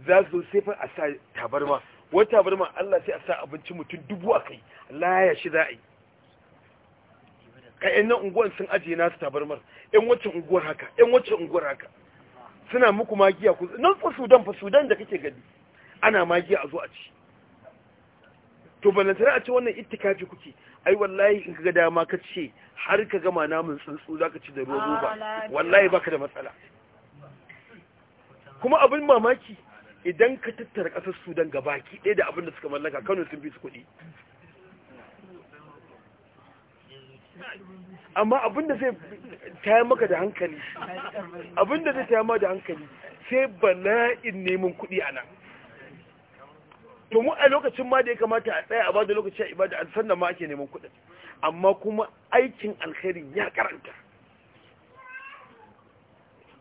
za su sai fa a sa tabarma wata tabarma Allah sai a sa abinci mutum dubu a kai Allah ya shi za yi ƴaƴan nan unguwar sun ajiye nasu tabarmar yan wacce unguwar haka yan wacce unguwar haka suna muku magiya ku nan fa sudan fa sudan da kake gani ana magiya a zo a ci to tare a ci wannan ittikafi kuke ai wallahi in kaga dama ka ce har ka gama namun tsuntsu zaka ci da rogo ah, ba wallahi baka da matsala kuma abin mamaki idan ka tattara ƙasar sudan gabaki ɗaya da abin da suka mallaka kano sun fi su kuɗi amma abinda zai taya maka da hankali abinda zai taya maka da hankali sai bala'in neman kuɗi a nan to mu a lokacin ma da ya kamata a tsaya a ba da lokaci a ibada a sannan ma ake neman kuɗin amma kuma aikin alkhairi ya karanta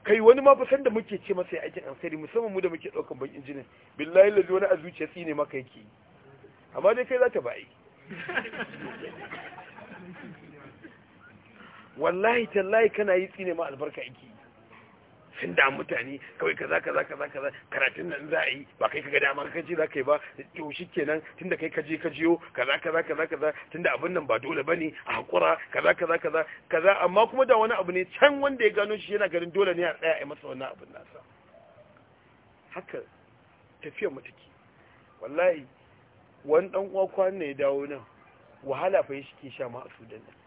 kai wani ma fasan da muke ce masa ya aikin alkhairi musamman mu da muke ɗaukan ban injinin billahi lalzi wani a zuciya tsine maka yake amma dai kai za ta ba'i wallahi tallahi kana yi tsine ma albarka yake sun da mutane kawai kaza kaza kaza kaza karatun nan za a yi ba kai kaga damar ka ce za ka yi ba yau shi kenan da kai kaji ka jiyo kaza kaza kaza kaza da abin nan ba dole ba ne a hakura kaza kaza kaza kaza amma kuma da wani abu ne can wanda ya gano shi yana garin dole ne a tsaya a masa wannan abin nasa haka tafiya mataki wallahi wani dan uwa kwan ne ya dawo nan wahala fa ke sha ma a sudan nan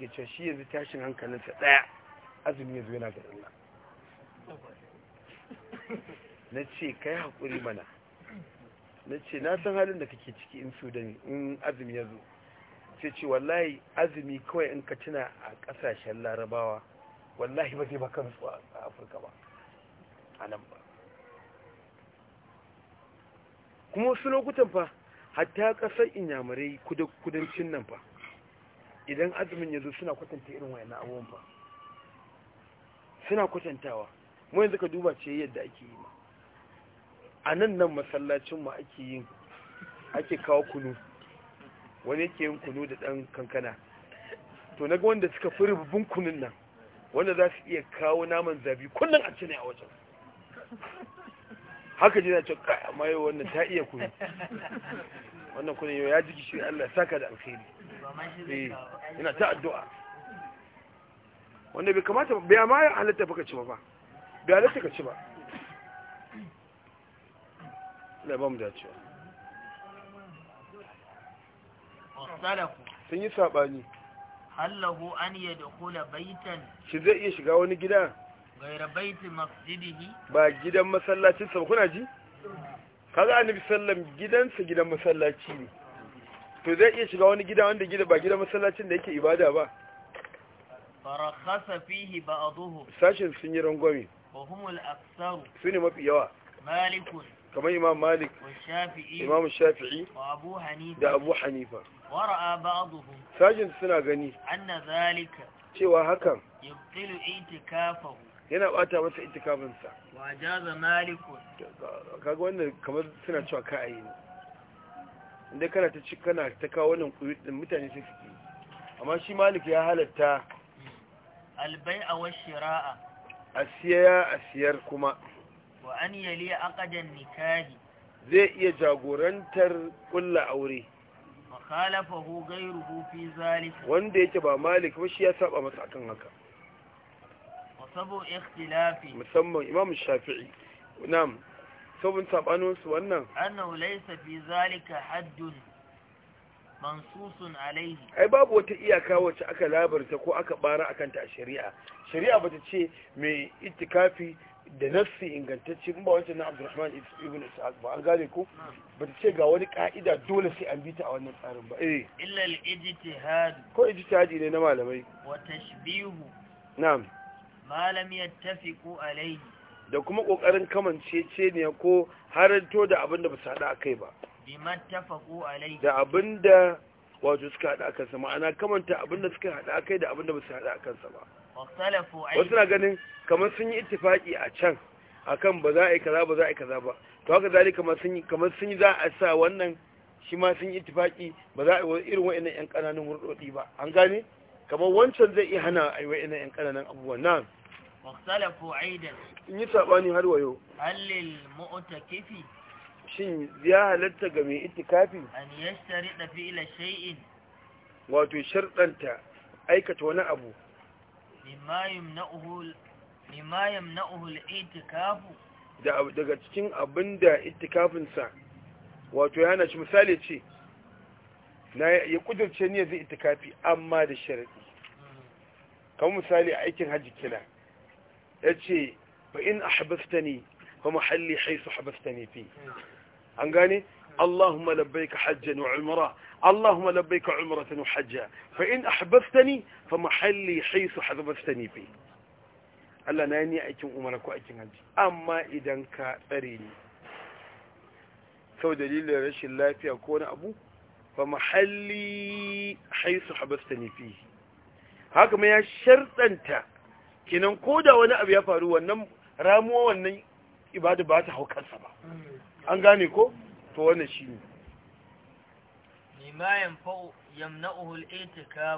ya shi yanzu tashin hankalinsa ɗaya azumi yanzu yana garin
Allah
na ce ka yi haƙuri mana na ce na san halin da kake ciki in su in azumi ya zo sai ce wallahi azumi kawai in ka tuna a ƙasashen larabawa wallahi ba zai ba kansu a afirka ba a nan ba kuma wasu lokutan fa hatta ƙasar inyamurai kudancin nan fa idan azumin ya zo suna kwatanta irin wayannan abubuwan ba suna kwatantawa mu yanzu ka duba ce yadda ake yi ma a nan nan masallacin ma ake yin ake kawo kunu wani yake yin kunu da dan kankana to naga wanda suka fi rububin kunun nan wanda za su iya kawo naman zabi kullum a cinai a wajen haka jina ce kai amma yau wannan ta iya kunu wannan kunu yau ya jiki shi Allah saka da alkhairi
Eh, ina ta addu'a
wanda bai kamata bai ma ya halatta baka ci ba ba bai halatta ka ci ba Allah ba mu dacewa sun yi saɓani
hallahu an yi da kula baitan
shi zai iya shiga wani gida
gaira baitin masjidihi
ba gidan masallacinsa ba kuna ji kaga annabi sallam gidansa gidan masallaci ne to zai iya shiga wani gida wanda gida ba gida masallacin da yake ibada ba
farakhasa fihi ba'dhuhum
sashin sun yi rangwami.
wa humul aktsaru
sune mafi yawa malikun kamar imam malik
imam shafi'i
da abu hanifa
wara'a ba'dhum
sashin suna gani anna cewa hakan
yubtilu itikafahu
yana bata masa itikafinsa
wa jaza malikun
kaga wannan kamar suna cewa ka'ayi ne inda kana ta ci kana ta kawo wannan kuyut din mutane sai suke amma shi malik ya halatta
albai'a wa shira'a
asiya asiyar kuma
wa an yali aqdan nikahi
zai iya jagorantar kulla aure
wa khalafahu ghayruhu fi zalika
wanda yake ba malik ba shi ya saba masa akan haka
wa sabu ikhtilafi
musamman imam shafi'i na'am sabon sabanin su wannan
annahu laysa fi zalika haddun mansusun alaihi
ai babu wata iyaka wacce aka labarta ko aka bara akan ta a shari'a shari'a bata ce mai itikafi da nafsi ingantacce ba wancan na Abdulrahman ibn Ishaq ba an gane ko bata ce ga wani ka'ida dole sai an bi ta a wannan tsarin ba eh
illa al-ijtihad
ko ijtihadi ne na malamai
wa tashbihu na'am ma lam yattafiqu
alaihi da kuma ƙoƙarin kamancece ne ko haranto da abin da ba su haɗa a kai ba
da abin
da wato suka haɗa a kansa ma'ana kamanta abin da suka haɗa a kai da abin da ba su haɗa a kansa
ba wasu na
ganin kamar sun yi ittifaki a can akan ba za a yi kaza ba za a yi kaza ba to haka zari kamar sun yi kamar sun yi za a sa wannan shi ma sun yi ittifaki ba za a yi irin wa'annan yan ƙananan hurdodi ba an gane kamar wancan zai iya hana a yi wa'annan yan ƙananan abubuwan nan
واختلفوا عيدا
har wayo. ويو
هل kifi?
shin ya halatta ga mai itikafi an
yashtari da ila shay'in
wato sharɗanta aikata wani abu
mimma yamna'uhu mimma yamna'uhu al-itikafu
da daga cikin abinda itikafin sa wato yana shi misali ce na ya kudurce ne zai itikafi amma da sharadi mm. kamar misali aikin hajji kila ya ce ba in ahbasta ne ba mahalli haisu ahbasta ne fi an gane اللهم لبيك حجا وعمرة اللهم لبيك عمرة وحجا فإن أحببتني فمحلي حيث حببتني fi Allah na ni aikin umara ko aikin hajji amma idan ka tsare ni sau dalilin rashin lafiya ko wani abu fa mahalli haisu habasta ni fi haka ma ya shartanta kenan ko da wani abu ya faru wannan ramuwa wannan ibada ba ta hau kansa ba an gane ko to wannan shi ne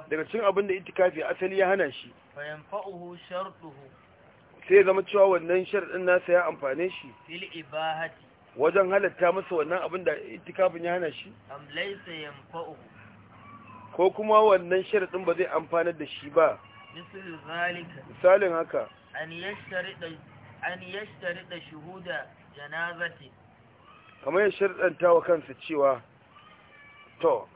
daga cin abin da itikafi asali ya hana shi sai zama cewa wannan sharɗin nasa ya amfane shi wajen halatta masa wannan abin da itikafin ya hana shi ko kuma wannan sharɗin ba zai amfanar da shi ba
مثل ذلك
مثال هكا
أن يشترط أن يشترط شهود جنازته
kamar ya sharɗanta wa kansa cewa to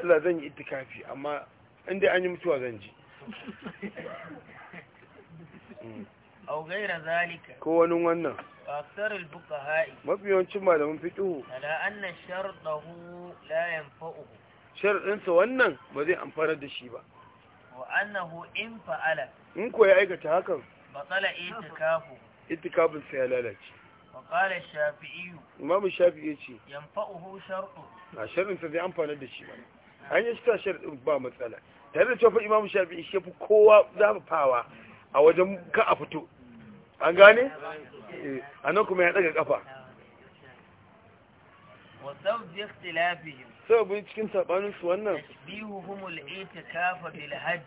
Allah zan yi itikafi amma inda an yi mutuwa zan ji
au gaira zalika
ko wani wannan
aksar al-fuqaha'i
mafi yawancin malamin fiqhu
ala anna shartahu la fa'u.
sharɗinsa wannan ba zai amfana da shi ba
wa annahu in fa'ala
in ya aikata hakan
batala itikafu
itikafin sai ya lalace
wa qala shafi'i
imam shafi'i ce yanfa'uhu shar'u a sharrin sa zai amfana da shi bane an yi shi shar'in ba matsala tare da cewa imam shafi'i shi fi kowa zafafawa a wajen ka a fito an gane eh, a nan kuma ya daga kafa
Wasau وسبب اختلافهم
سبب cikin sabanin su wannan
tashbihuhum al-i'tikaf bil hajj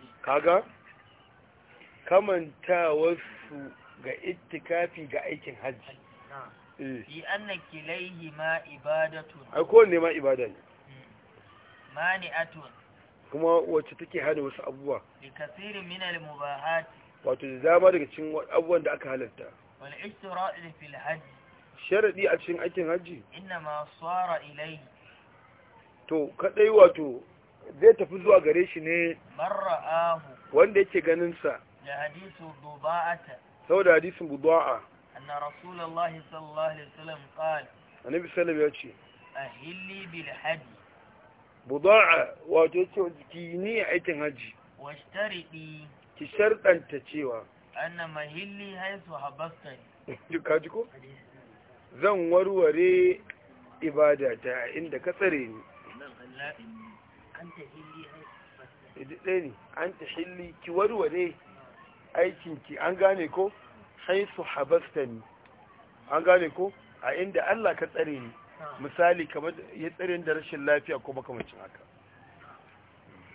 kaga wasu ga ittikafi ga aikin hajji Yi
annaki kilayhi ma ibadatun
ai ko ne ma ibada ne
Mani mani'atun
kuma wacce take hana wasu abubuwa
bi kasirin min al-mubahat
wato da dama daga cikin abubuwan da aka halatta
wal istira'u fil hajj
sharadi a cikin aikin hajji
innama sara ilai
to kadai wato zai tafi zuwa gare shi ne
marra'ahu
wanda yake ganin sa
da hadisu duba'ata
saboda hadisin budu'a
anna rasulullahi sallallahu alaihi wasallam qala
annabi sallallahu ya ce
ahilli bil hajj
budu'a wato ce ki ni aikin hajji
washtaridi
ki shartanta cewa
anna mahilli haisu habastani
Ka ji ko hadisi zan warware ibadata inda ka tsare ni ɗaya an ta hilli ki warware aikinki an gane ko haisu habasta ni an gane ko a inda Allah ka tsare ni misali kamar ya tsare da rashin lafiya ko makamacin haka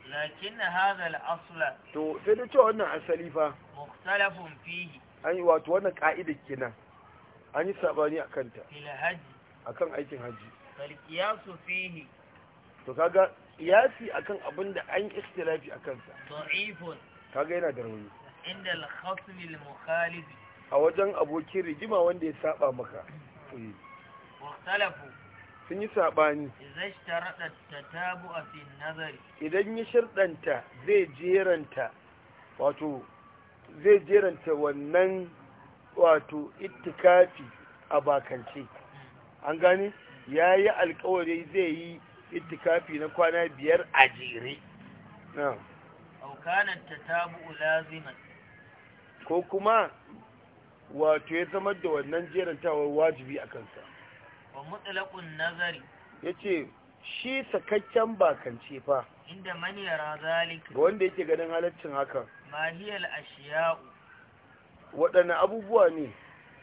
lakin hadha al-asla
to sai da cewa wannan asali fa
mukhtalafun fihi
ai wato wannan kaida kenan an yi sabani a kanta A kan aikin hajji
falkiyasu fihi
to kaga kiyasi kan abin da an yi istilafi a kansa kaga yana da rauni
inda al-khasm al
a wajen abokin rigima wanda ya saba maka
ikhtalafu eh.
sun yi sabani
izashtarada nazari
idan ya shirɗanta, zai jeranta wato zai jeranta wannan wato ittikafi a bakance an gani? ya yi alkawari zai yi ittikafi na kwana biyar a jere na
ta tabu laziman
ko kuma wato ya zama da wannan jerantawar wajibi a kansa
wa mutsalakun nazari
ya ce shi sakakken bakance fa
inda maniyar zalika
wanda yake ganin halaccin haka
mahiyar ashiya'u
waɗanne abubuwa ne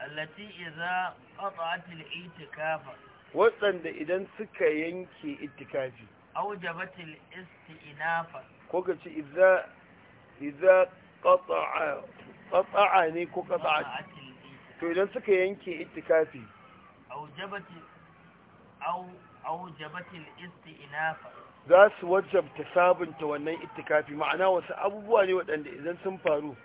allati idza qata'at al-i'tikaf
waɗanda idan suka yanke itikafi
aujabat al-istinafa
ko kace idza idza qata'a qata'a ne ko qata'at to idan suka yanke itikafi
aujabat au aujabat al-istinafa
za su wajabta sabunta wannan itikafi ma'ana wasu abubuwa ne waɗanda idan sun faru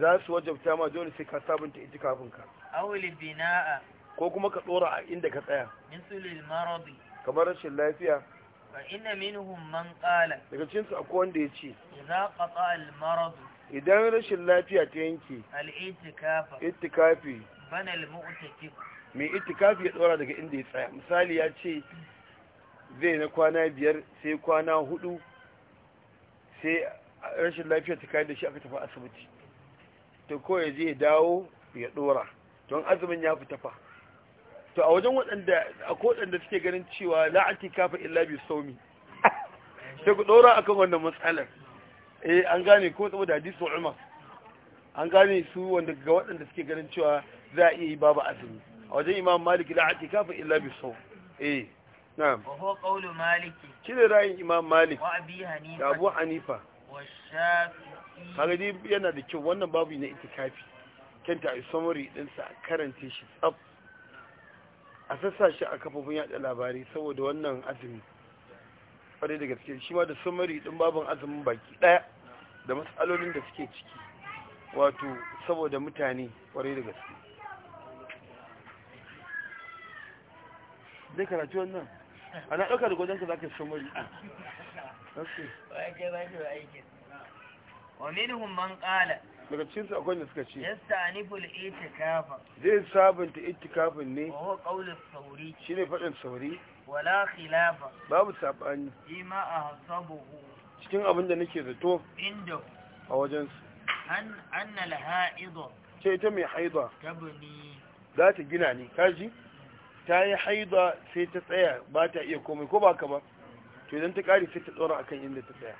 za su wajabta ma dole sai ka sabunta kafin ka
awli bina'a
ko kuma ka dora a inda ka tsaya
sulil maradi
kamar rashin lafiya
fa inna minhum man qala
daga cikin su akwai wanda yace
idza qata al marad
idan rashin lafiya ta yanke
al itikafa
itikafi
bana al mu'takif
mai itikafi ya dora daga inda ya tsaya misali ya ce zai na kwana biyar sai kwana hudu sai rashin lafiya ta kai da shi aka tafi asibiti to kawai zai dawo ya dora don azumin ya fita fa to a wajen waɗanda akwai waɗanda suke ganin cewa la'ati kafa illa bi saumi ta ku dora akan wannan matsalar eh an gane ko saboda hadisu umar an gane su wanda ga waɗanda suke ganin cewa za a iya yi babu azumi a wajen imam maliki la'ati kafa illa bi saumi eh na'am wa huwa qawlu shi ne ra'ayin imam malik wa
abi hanifa da abu hanifa wa shafi
kaga dai yana da kyau wannan babu na itikafi kenta a summary ɗinsa a karanta shi tsaf a sassa shi a kafofin yada labarai saboda wannan azumi kwarai da gaske shi ma da summary din babin azumin baki ɗaya da matsalolin da suke ciki wato saboda mutane kwarai da gaske zai karatu wannan ana ɗauka da gwajen ka za ka summary
ɗin wa minhum man qala
daga cikin su akwai da suka ce
yastaniful itikafa
zai sabunta itikafin ne wa qawlus sauri shine fadin sauri
wala khilafa
babu sabani
ima ahsabuhu
cikin abin nake zato inda a wajen su
an anna lahaidha
ce ita mai haida tabni za ta gina ne kaji ta yi haida sai ta tsaya ba ta iya komai ko ba ka ba to idan ta kare sai ta tsora akan inda ta tsaya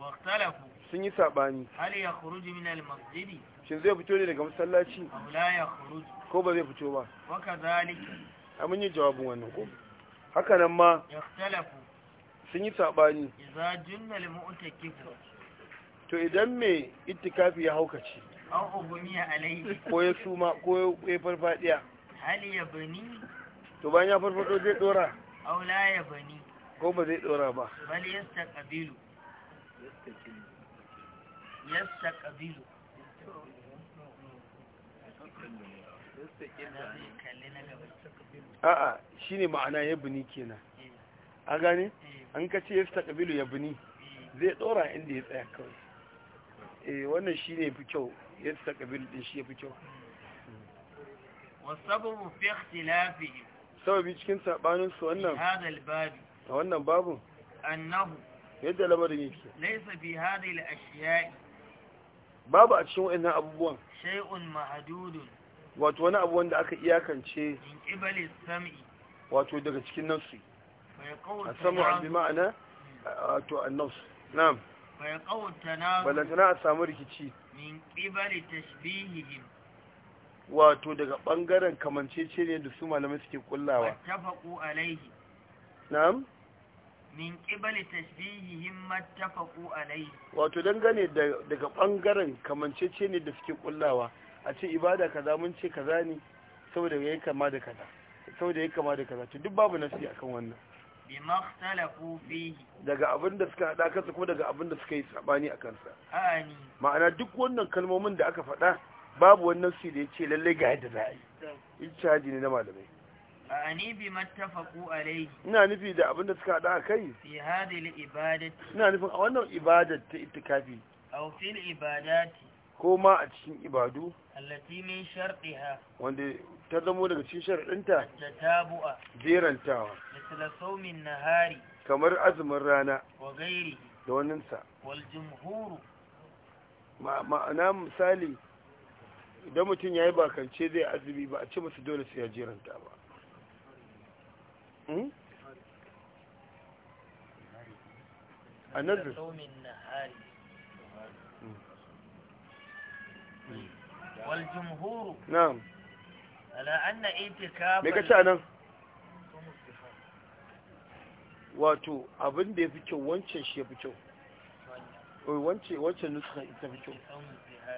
waqtalafu
sun yi sabani
hal ya khuruji min al masjidi
shin zai fito ne daga masallaci la ya khuruju ko ba zai fito ba
haka zalika
a mun yi jawabin wannan ko haka nan ma
ikhtalafu
sun yi sabani
idza junna al mu'takif
to idan me ittikafi ya haukace
an ubumiya alai
ko ya suma ko ya farfadiya
hal ya bani
to bayan ya farfado zai dora
aw la ya bani
ko ba zai dora ba
bal yastaqbilu yastaqbilu
a'a shine ma'ana ya buni kenan a gane an ka ce yastaqbilu ya buni zai dora inda ya tsaya kawai eh wannan shine fi kyau yastaqbilu din shi fi kyau
wasabu fi ikhtilafihim
sababi cikin sabanin su wannan
a
wannan babu annahu yadda lamarin yake
laysa bi hadhihi al-ashya'i
babu a cikin wa'annan abubuwan
shay'un mahadudun
wato wani abu wanda aka iyakance in
qibali sam'i
wato daga cikin nafsi A samu abu ma'ana wato a nafs na'am balantana a samu rikici
min qibali tashbihihim
wato daga bangaren ce ne da su malamai suke kullawa alaihi na'am
min qibali tashbihihim mattafaqu alayhi
wato dangane daga bangaren kamancece ne da suke kullawa a ce ibada kaza mun ce kaza ne saboda yayi kama da kaza saboda yayi kama da kaza to duk babu nasi akan wannan bi makhtalafu fihi daga abinda suka hada kansa kuma daga abinda suka yi sabani akan sa ani ma'ana duk wannan kalmomin da aka faɗa babu wannan su da yace lalle ga yadda za a yi ijtihadi ne na malamai
ani bi mattafaqu
alayhi ina nufi da abin da suka hada kai
fi hadhihi al-ibadati ina
nufin a wannan ibadar ta ittikafi
aw fil ibadati
ko ma a cikin ibadu
allati min shartiha
wanda ta zamo daga cikin sharadinta
tatabu'a
jerantawa
misal sawmin nahari
kamar azumin rana wa gairi da wannan sa wal jumhur ma'ana misali idan mutum yayi bakance zai azumi ba a ce masa dole sai ya jeranta ba a nazir والجمهور نعم wato abin da ya fi kyau wancan shi ya fi kyau eh, wancan nuska ita fi kyau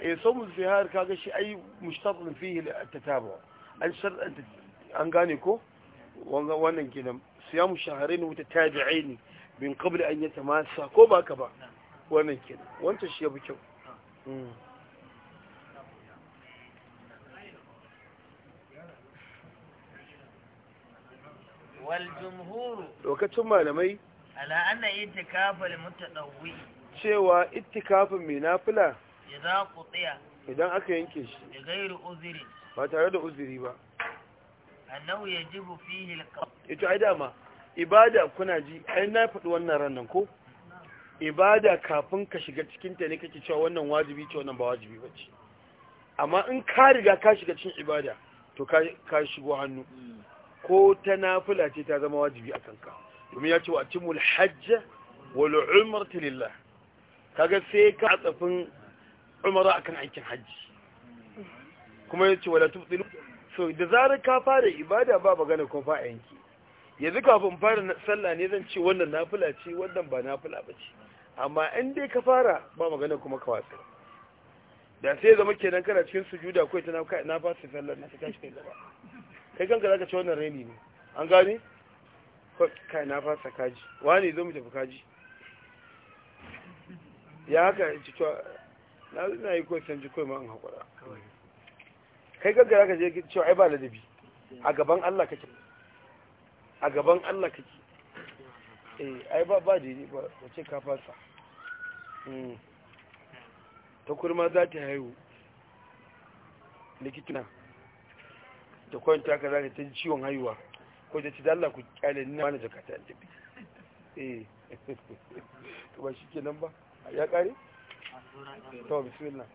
e eh, samun zihar kaga shi ai mustaqbal fihi at-tatabu an shar'an an gane ko wannan kenan siyamu shaharin wuta tabi'i ne bin qabl an ta masa ko ba ka ba wannan kenan wancan shi ya fi kyau hmm. lokacin malamai
ala anna itikafa mutu mutadawwi
cewa itikafin mai nafila
idan tsaya?
idan aka yanke shi da gairu uzuri ba tare da uzuri ba
annahu yajibu fihi alqawl
Ito ai dama ibada kuna ji ai na faɗi wannan rannan ko ibada kafin ka shiga cikin ta ne kake cewa wannan wajibi ce wannan ba wajibi bace amma in ka riga ka shiga cikin ibada to ka shigo hannu ko ta nafila ce ta zama wajibi a kanka domin ya ce wa cimul hajja wal umrata lillah kaga sai ka tsafin umara akan aikin hajji kuma ya ce wala tubtilu so da zarar ka fara ibada ba magana ko fa yanki yanzu kafin fara sallah ne zan ce wannan nafila ce wannan ba nafila ba ce amma in dai ka fara ba magana kuma ka wasa da sai zama kenan kana cikin sujuda ko ita na fasa sallar na tashi kai gaba kai kanka zaka ce wannan raini ne an gane ko kai na fasa kaji wani zo mu tafi kaji ya haka ci to na yi ko san ji ko ma an hakura kai gaggara ka je cewa ai ba ladabi a gaban Allah kake a gaban Allah kake eh ai ba ba daidai ba wace ka fasa hmm. ta kurma za ta haihu likituna ta kwanta ka zaka tin ta ciwon haihuwa ko da ci da Allah ku kyale ni na wani jakata aljibi eh to ba shi kenan ba ya kare to bismillah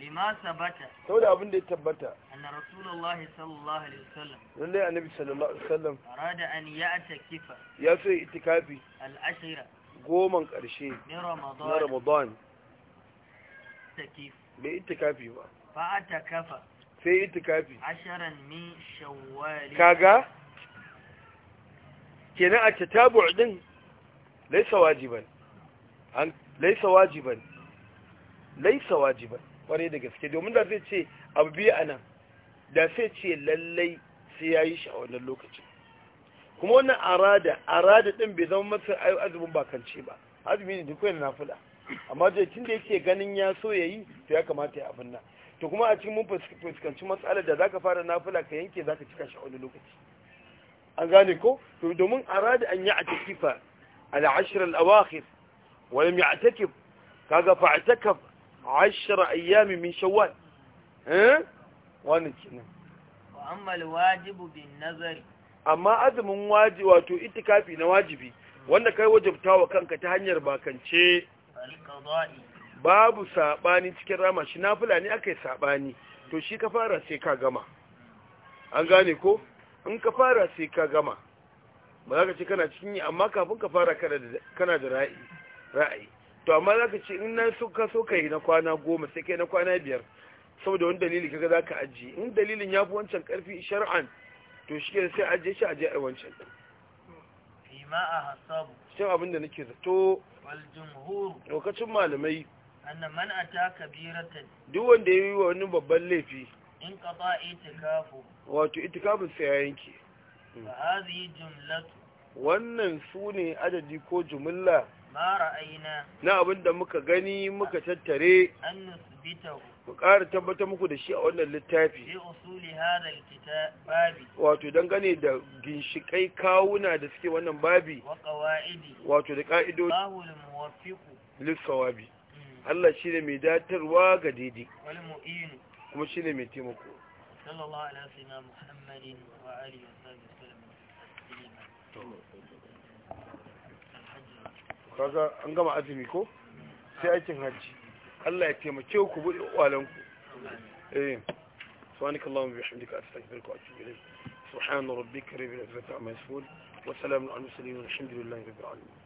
لما ثبت تولى ابن
دي ان
رسول الله صلى الله عليه وسلم
للي يعني النبي صلى الله عليه وسلم
اراد ان يعتكف
يسوي اتكافي العشرة من رمضان من رمضان
عشرا من شوال كاغا
كنا التتابع ليس واجبا ليس واجبا, ليس واجباً. Kware da gaske domin da zai ce abu biyu a nan da sai ce lallai sai ya yi shi a wannan lokacin kuma wannan arada arada din bai zama masa azumin bakance ba azumi ne duk wani nafula amma da tun da yake ganin ya so ya yi to ya kamata ya abin nan to kuma a cikin mun fuskanci matsalar da zaka fara nafula ka yanke zaka cika shi a wani lokaci an gane ko to domin arada an yi a takifa al-ashr al-awakhir wa lam ya'takif kaga fa'takaf عشر أيام من شوال eh wannan kenan
wa amma nazari
amma azumin waji wato itikafi na wajibi wanda kai wajabtawa kanka ta hanyar bakance babu sabani cikin rama shi nafila ne akai sabani to shi ka fara sai ka gama an gane ko in ka fara sai ka gama ba za ka ce kana cikin yi amma kafin ka fara kana da ra'ayi to amma za ka ce in nan suka so ka yi na kwana goma sai kai na kwana biyar saboda wani dalili kaga za ka ajiye in dalilin ya fi wancan karfi shar'an to shi ke sai ajiye shi ajiye a wancan
fima a hasabu
cikin abin da nake zato lokacin malamai
annan man ata kabiratan
duk wanda ya yi wa wani babban laifi
in qada itikafu
wato itikafin sai ya yanke fa
hadhihi jumlatu
wannan ne adadi ko jumla na abin da muka gani muka tattare ku ƙara tabbatar muku da shi a wannan littafi wato dangane da ginshikai kawuna da suke wannan babi wato da ƙa'idodi lissawabi mm. Allah shi ne mai datarwa ga daidai kuma shi ne mai taimako
sallallahu alaihi wa sallam
kaga an gama azumi ko sai aikin hajji Allah ya taimake ku bude kwalan eh subhanaka allahumma bihamdika astaghfiruka wa atubu ilayk subhana rabbika rabbil izzati amma yasifun wa salamun alal mursalin walhamdulillahi rabbil alamin